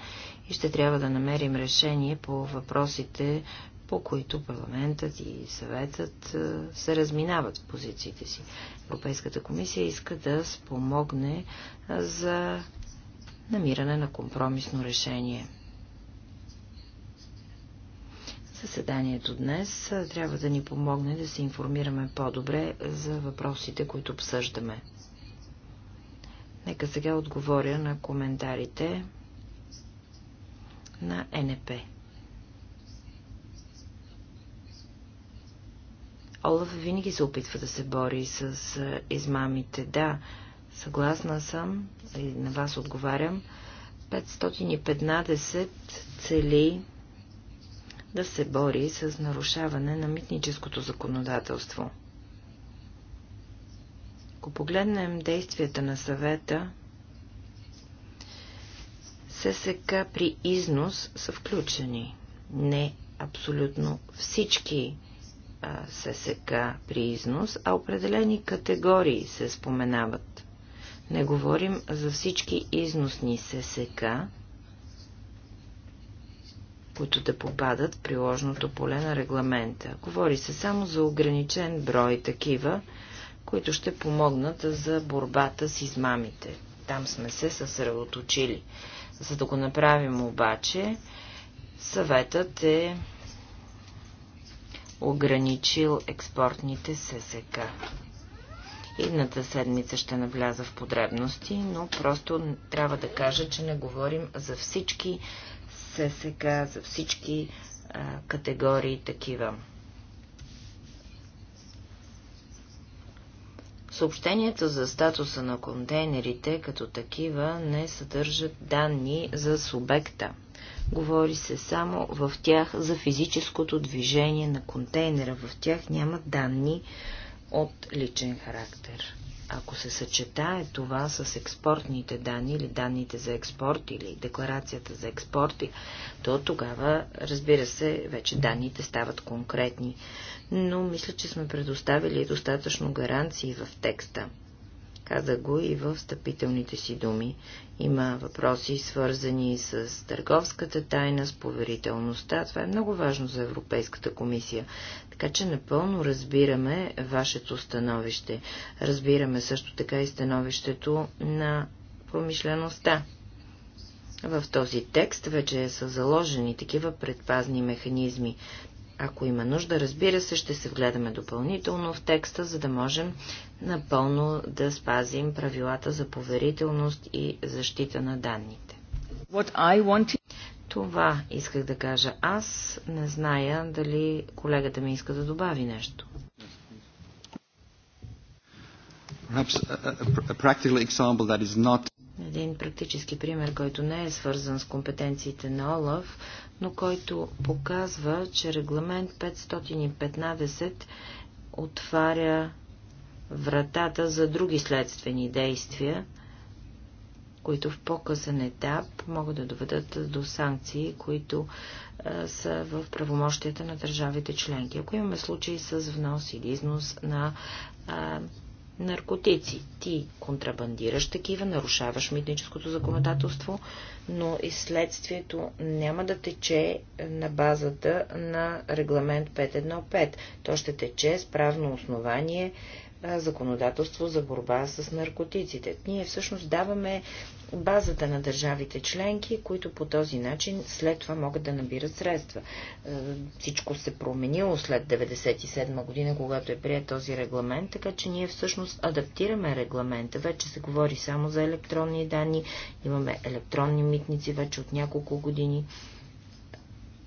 и ще трябва да намерим решение по въпросите, по които парламентът и съветът е, се разминават в позициите си. Европейската комисия иска да спомогне е, за намиране на компромисно решение. Съседанието днес трябва да ни помогне да се информираме по-добре за въпросите, които обсъждаме. Нека сега отговоря на коментарите на НП. Олаф винаги се опитва да се бори с измамите. Да, Съгласна съм и на вас отговарям. 515 цели да се бори с нарушаване на митническото законодателство. Ако погледнем действията на съвета, ССК при износ са включени. Не абсолютно всички ССК при износ, а определени категории се споменават. Не говорим за всички износни ССК, които да попадат в приложното поле на регламента. Говори се само за ограничен брой такива, които ще помогнат за борбата с измамите. Там сме се съсредоточили. За да го направим обаче, съветът е ограничил експортните ССК. Идната седмица ще навляза в подребности, но просто трябва да кажа, че не говорим за всички ССК, за всички а, категории такива. Съобщението за статуса на контейнерите като такива не съдържат данни за субекта. Говори се само в тях за физическото движение на контейнера. В тях няма данни от личен характер. Ако се съчетае това с експортните данни или данните за експорт или декларацията за експорти, то тогава, разбира се, вече данните стават конкретни. Но мисля, че сме предоставили достатъчно гаранции в текста. Каза го и в стъпителните си думи. Има въпроси, свързани с търговската тайна, с поверителността. Това е много важно за Европейската комисия. Така че напълно разбираме вашето становище. Разбираме също така и становището на промишлеността. В този текст вече са заложени такива предпазни механизми. Ако има нужда, разбира се, ще се вгледаме допълнително в текста, за да можем напълно да спазим правилата за поверителност и защита на данните. Това исках да кажа аз. Не зная дали колегата ми иска да добави нещо. Perhaps a, a, a practical example that is not един практически пример, който не е свързан с компетенциите на ОЛАВ, но който показва, че регламент 515 отваря вратата за други следствени действия, които в по-късен етап могат да доведат до санкции, които са в правомощията на държавите членки. Ако имаме случаи с внос или износ на а, наркотици. Ти контрабандираш такива, нарушаваш митническото законодателство, но изследствието няма да тече на базата на регламент 515. То ще тече с правно основание законодателство за борба с наркотиците. Ние всъщност даваме базата на държавите членки, които по този начин след това могат да набират средства. Всичко се променило след 1997 година, когато е прият този регламент, така че ние всъщност адаптираме регламента. Вече се говори само за електронни данни, имаме електронни митници вече от няколко години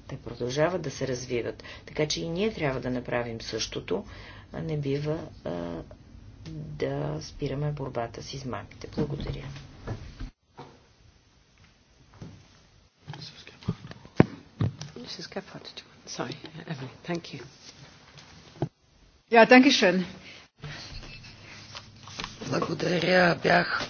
те продължават да се развиват. Така че и ние трябва да направим същото, не бива а, да спираме борбата с измамите. Благодаря. Благодаря. Бях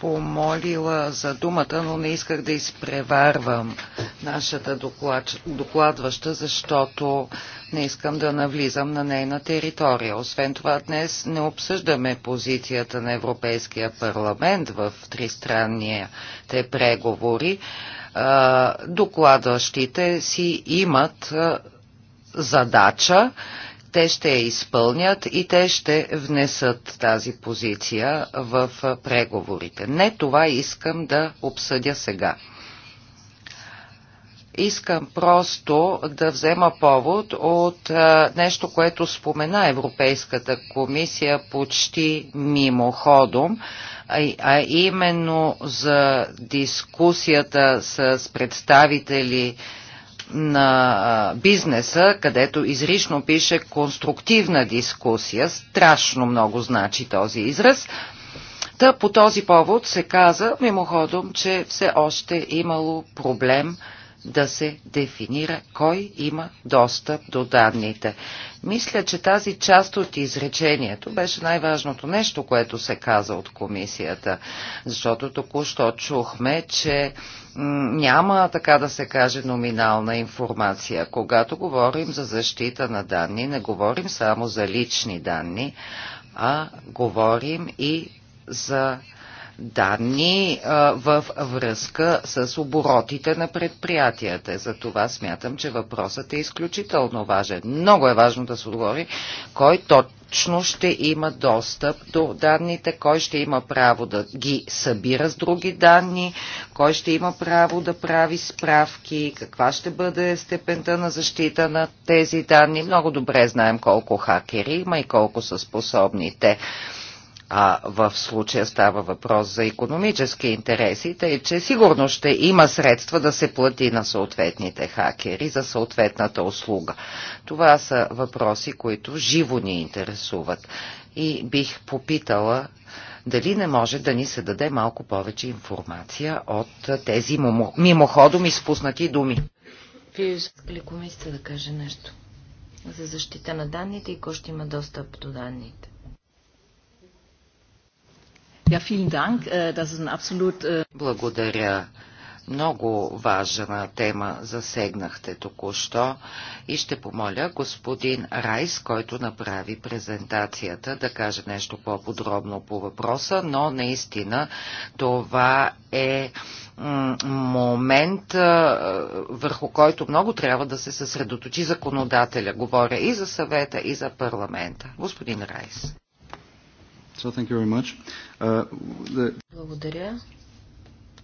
помолила за думата, но не исках да изпреварвам нашата доклад, докладваща, защото не искам да навлизам на нейна територия. Освен това, днес не обсъждаме позицията на Европейския парламент в тристранните преговори. Докладващите си имат задача те ще я изпълнят и те ще внесат тази позиция в преговорите. Не това искам да обсъдя сега. Искам просто да взема повод от а, нещо, което спомена Европейската комисия почти мимоходом, а, а именно за дискусията с представители на бизнеса, където изрично пише конструктивна дискусия. Страшно много значи този израз. Та по този повод се каза мимоходом, че все още имало проблем – да се дефинира кой има достъп до данните. Мисля, че тази част от изречението беше най-важното нещо, което се каза от комисията, защото току-що чухме, че няма, така да се каже, номинална информация. Когато говорим за защита на данни, не говорим само за лични данни, а говорим и за данни в връзка с оборотите на предприятията. За това смятам, че въпросът е изключително важен. Много е важно да се отговори кой точно ще има достъп до данните, кой ще има право да ги събира с други данни, кой ще има право да прави справки, каква ще бъде степента на защита на тези данни. Много добре знаем колко хакери има и колко са способни те а в случая става въпрос за економически интереси, тъй че сигурно ще има средства да се плати на съответните хакери за съответната услуга. Това са въпроси, които живо ни интересуват. И бих попитала дали не може да ни се даде малко повече информация от тези мимоходом изпуснати думи. Вие искате ли комисията да каже нещо за защита на данните и кой ще има достъп до данните? Äh, äh, Благодаря. Много важна тема засегнахте току-що и ще помоля господин Райс, който направи презентацията, да каже нещо по-подробно по въпроса, но наистина това е момент, върху който много трябва да се съсредоточи законодателя. Говоря и за съвета, и за парламента. Господин Райс. So thank you very much. Uh, the... Благодаря.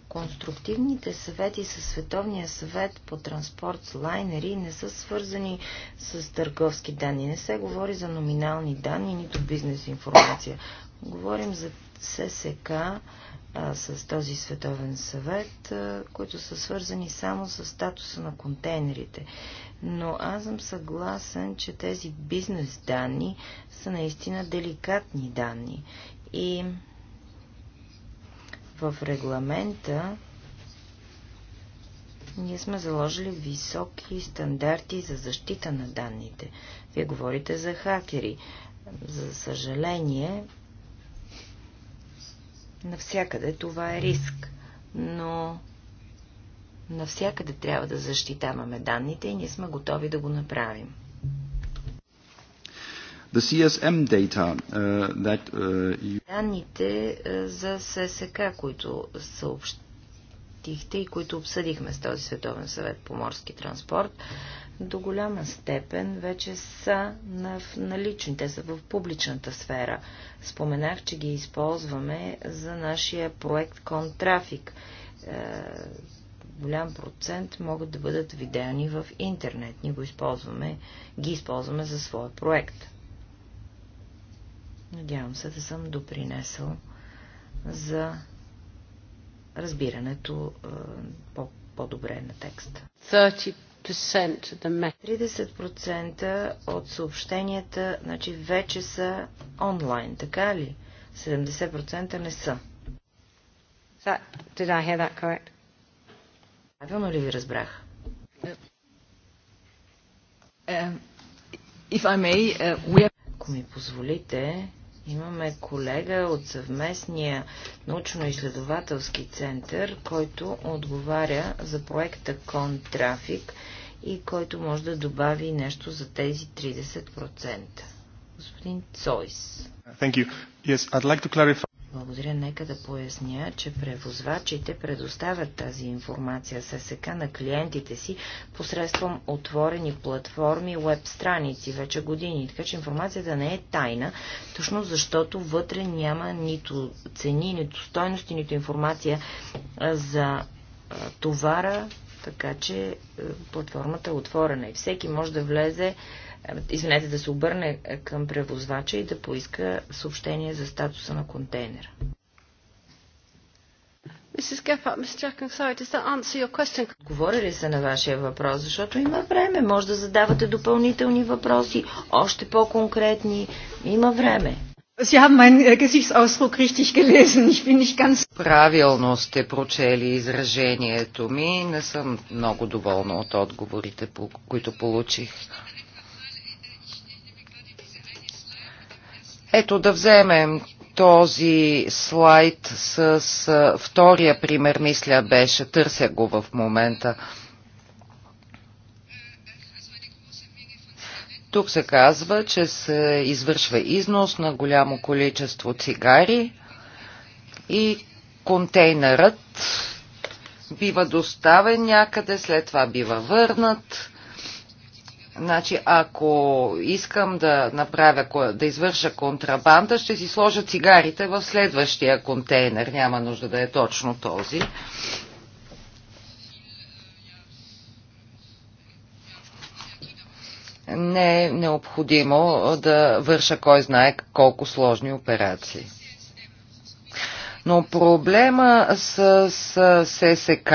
Конструктивните съвети със Световния съвет по транспорт с лайнери не са свързани с търговски данни. Не се говори за номинални данни, нито бизнес информация. Говорим за ССК, а, с този световен съвет, а, които са свързани само с статуса на контейнерите. Но аз съм съгласен, че тези бизнес данни са наистина деликатни данни. И в регламента ние сме заложили високи стандарти за защита на данните. Вие говорите за хакери. За съжаление, Навсякъде това е риск, но навсякъде трябва да защитаваме данните и ние сме готови да го направим. The CSM data, uh, that, uh, you... Данните uh, за ССК, които съобщихте и които обсъдихме с този Световен съвет по морски транспорт, до голяма степен вече са на, налични, те са в публичната сфера. Споменах, че ги използваме за нашия проект Контрафик. Е, голям процент могат да бъдат видени в интернет. Ние го използваме, ги използваме за своя проект. Надявам се да съм допринесъл за разбирането е, по- по-добре на текста. 30% от съобщенията значи, вече са онлайн, така ли? 70% не са. That, did I hear that correct? Правилно ли ви разбрах? Uh, if I may, uh, we... Ако ми позволите, Имаме колега от съвместния научно-изследователски център, който отговаря за проекта Контрафик и който може да добави нещо за тези 30%. Господин Цойс. Yes, like благодаря. Нека да поясня, че превозвачите предоставят тази информация ССК на клиентите си посредством отворени платформи, веб страници вече години. Така че информацията не е тайна, точно защото вътре няма нито цени, нито стойности, нито информация за товара, така че платформата е отворена и всеки може да влезе извинете, да се обърне е, към превозвача и да поиска съобщение за статуса на контейнера. Говори ли се на вашия въпрос, защото има време, може да задавате допълнителни въпроси, още по-конкретни, има време. Sie haben äh, Gesichtsausdruck richtig gelesen. Ich bin nicht ganz... Правилно сте прочели изражението ми. Не съм много доволна от отговорите, които получих. Ето да вземем този слайд с втория пример, мисля, беше. Търся го в момента. Тук се казва, че се извършва износ на голямо количество цигари и контейнерът бива доставен някъде, след това бива върнат Значи, ако искам да направя, да извърша контрабанда, ще си сложа цигарите в следващия контейнер. Няма нужда да е точно този. Не е необходимо да върша кой знае колко сложни операции. Но проблема с ССК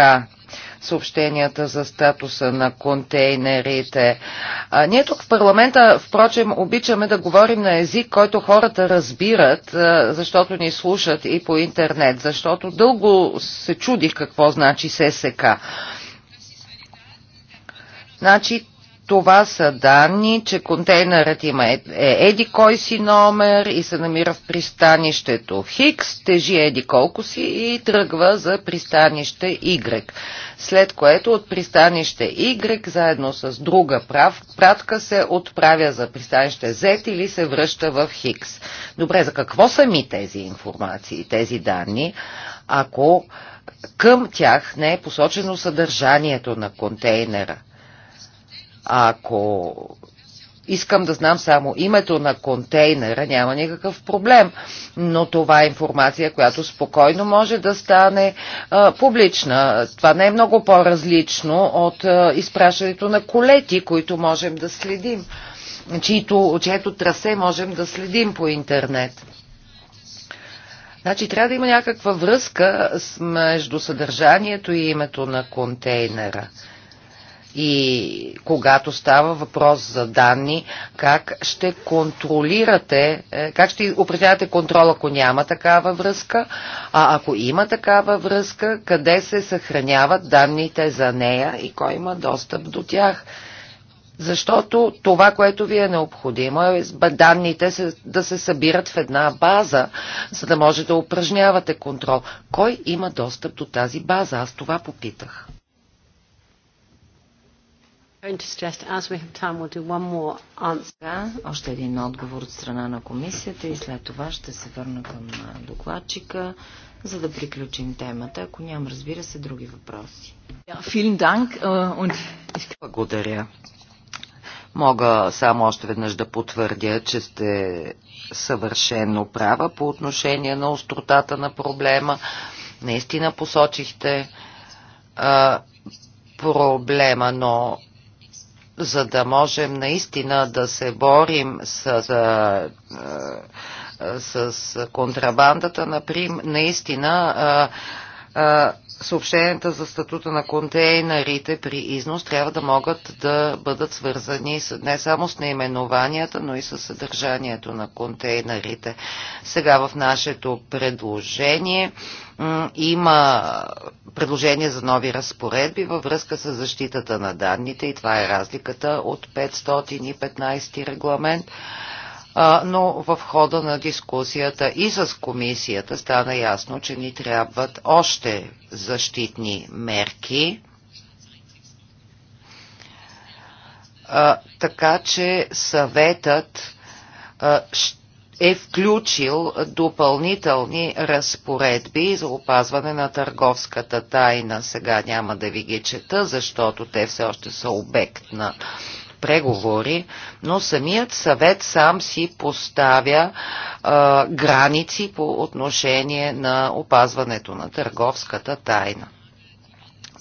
съобщенията за статуса на контейнерите. А, ние тук в парламента, впрочем, обичаме да говорим на език, който хората разбират, защото ни слушат и по интернет, защото дълго се чудих какво значи ССК. Значи това са данни, че контейнерът има е, е, еди кой си номер и се намира в пристанището Хикс, тежи еди колко си и тръгва за пристанище Y. След което от пристанище Y заедно с друга прав, пратка се отправя за пристанище Z или се връща в Хикс. Добре, за какво са ми тези информации, тези данни, ако към тях не е посочено съдържанието на контейнера? Ако искам да знам само името на контейнера, няма никакъв проблем, но това е информация, която спокойно може да стане а, публична. Това не е много по-различно от а, изпращането на колети, които можем да следим, чието, чието трасе можем да следим по интернет. Значи трябва да има някаква връзка между съдържанието и името на контейнера. И когато става въпрос за данни, как ще контролирате, е, как ще упражнявате контрол, ако няма такава връзка, а ако има такава връзка, къде се съхраняват данните за нея и кой има достъп до тях? Защото това, което ви е необходимо е данните да се събират в една база, за да може да упражнявате контрол. Кой има достъп до тази база? Аз това попитах още един отговор от страна на комисията и след това ще се върна към докладчика, за да приключим темата, ако нямам, разбира се, други въпроси. Äh, Благодаря. Мога само още веднъж да потвърдя, че сте съвършено права по отношение на остротата на проблема. Наистина посочихте а, проблема, но за да можем наистина да се борим с, с, с контрабандата, например, наистина съобщенията за статута на контейнерите при износ трябва да могат да бъдат свързани не само с наименованията, но и с съдържанието на контейнерите. Сега в нашето предложение има предложение за нови разпоредби във връзка с защитата на данните и това е разликата от 515 регламент но в хода на дискусията и с комисията стана ясно, че ни трябват още защитни мерки. Така че съветът е включил допълнителни разпоредби за опазване на търговската тайна. Сега няма да ви ги чета, защото те все още са обект на преговори, но самият съвет сам си поставя а, граници по отношение на опазването на търговската тайна.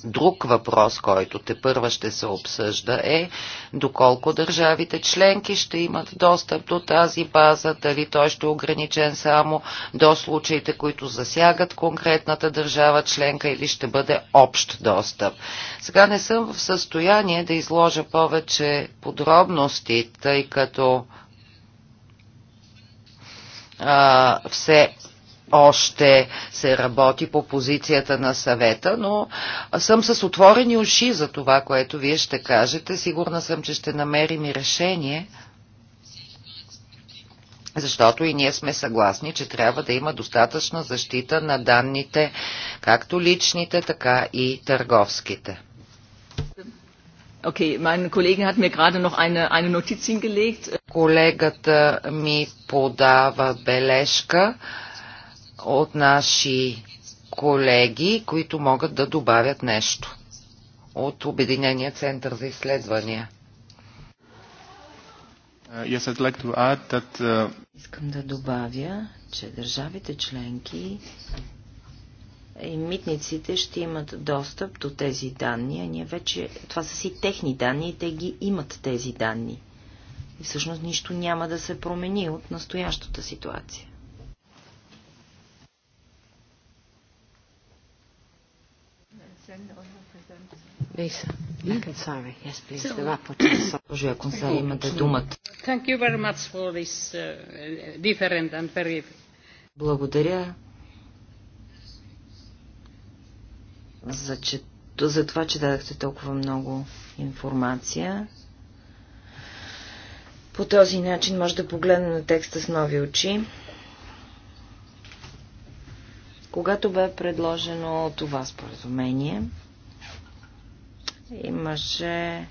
Друг въпрос, който те първа ще се обсъжда е доколко държавите членки ще имат достъп до тази база, дали той ще е ограничен само до случаите, които засягат конкретната държава членка или ще бъде общ достъп. Сега не съм в състояние да изложа повече подробности, тъй като а, все още се работи по позицията на съвета, но съм с отворени уши за това, което вие ще кажете. Сигурна съм, че ще намерим и решение, защото и ние сме съгласни, че трябва да има достатъчна защита на данните, както личните, така и търговските. Okay, mein Kollege hat mir gerade noch eine, eine Notiz hingelegt. Колегата ми подава бележка от наши колеги, които могат да добавят нещо от Обединения център за изследвания. Uh, yes, I'd like to add that, uh... Искам да добавя, че държавите членки и митниците ще имат достъп до тези данни, а ние вече... Това са си техни данни и те ги имат тези данни. И всъщност нищо няма да се промени от настоящата ситуация. имате думата. Uh, Благодаря за, че, за това, че дадахте толкова много информация. По този начин може да погледнем на текста с нови очи. Когато бе предложено това споразумение, имаше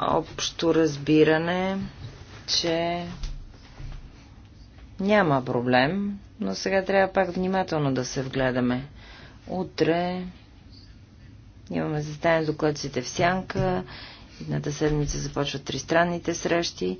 общо разбиране, че няма проблем, но сега трябва пак внимателно да се вгледаме. Утре имаме застане докладците в сянка, едната седмица започват тристранните срещи,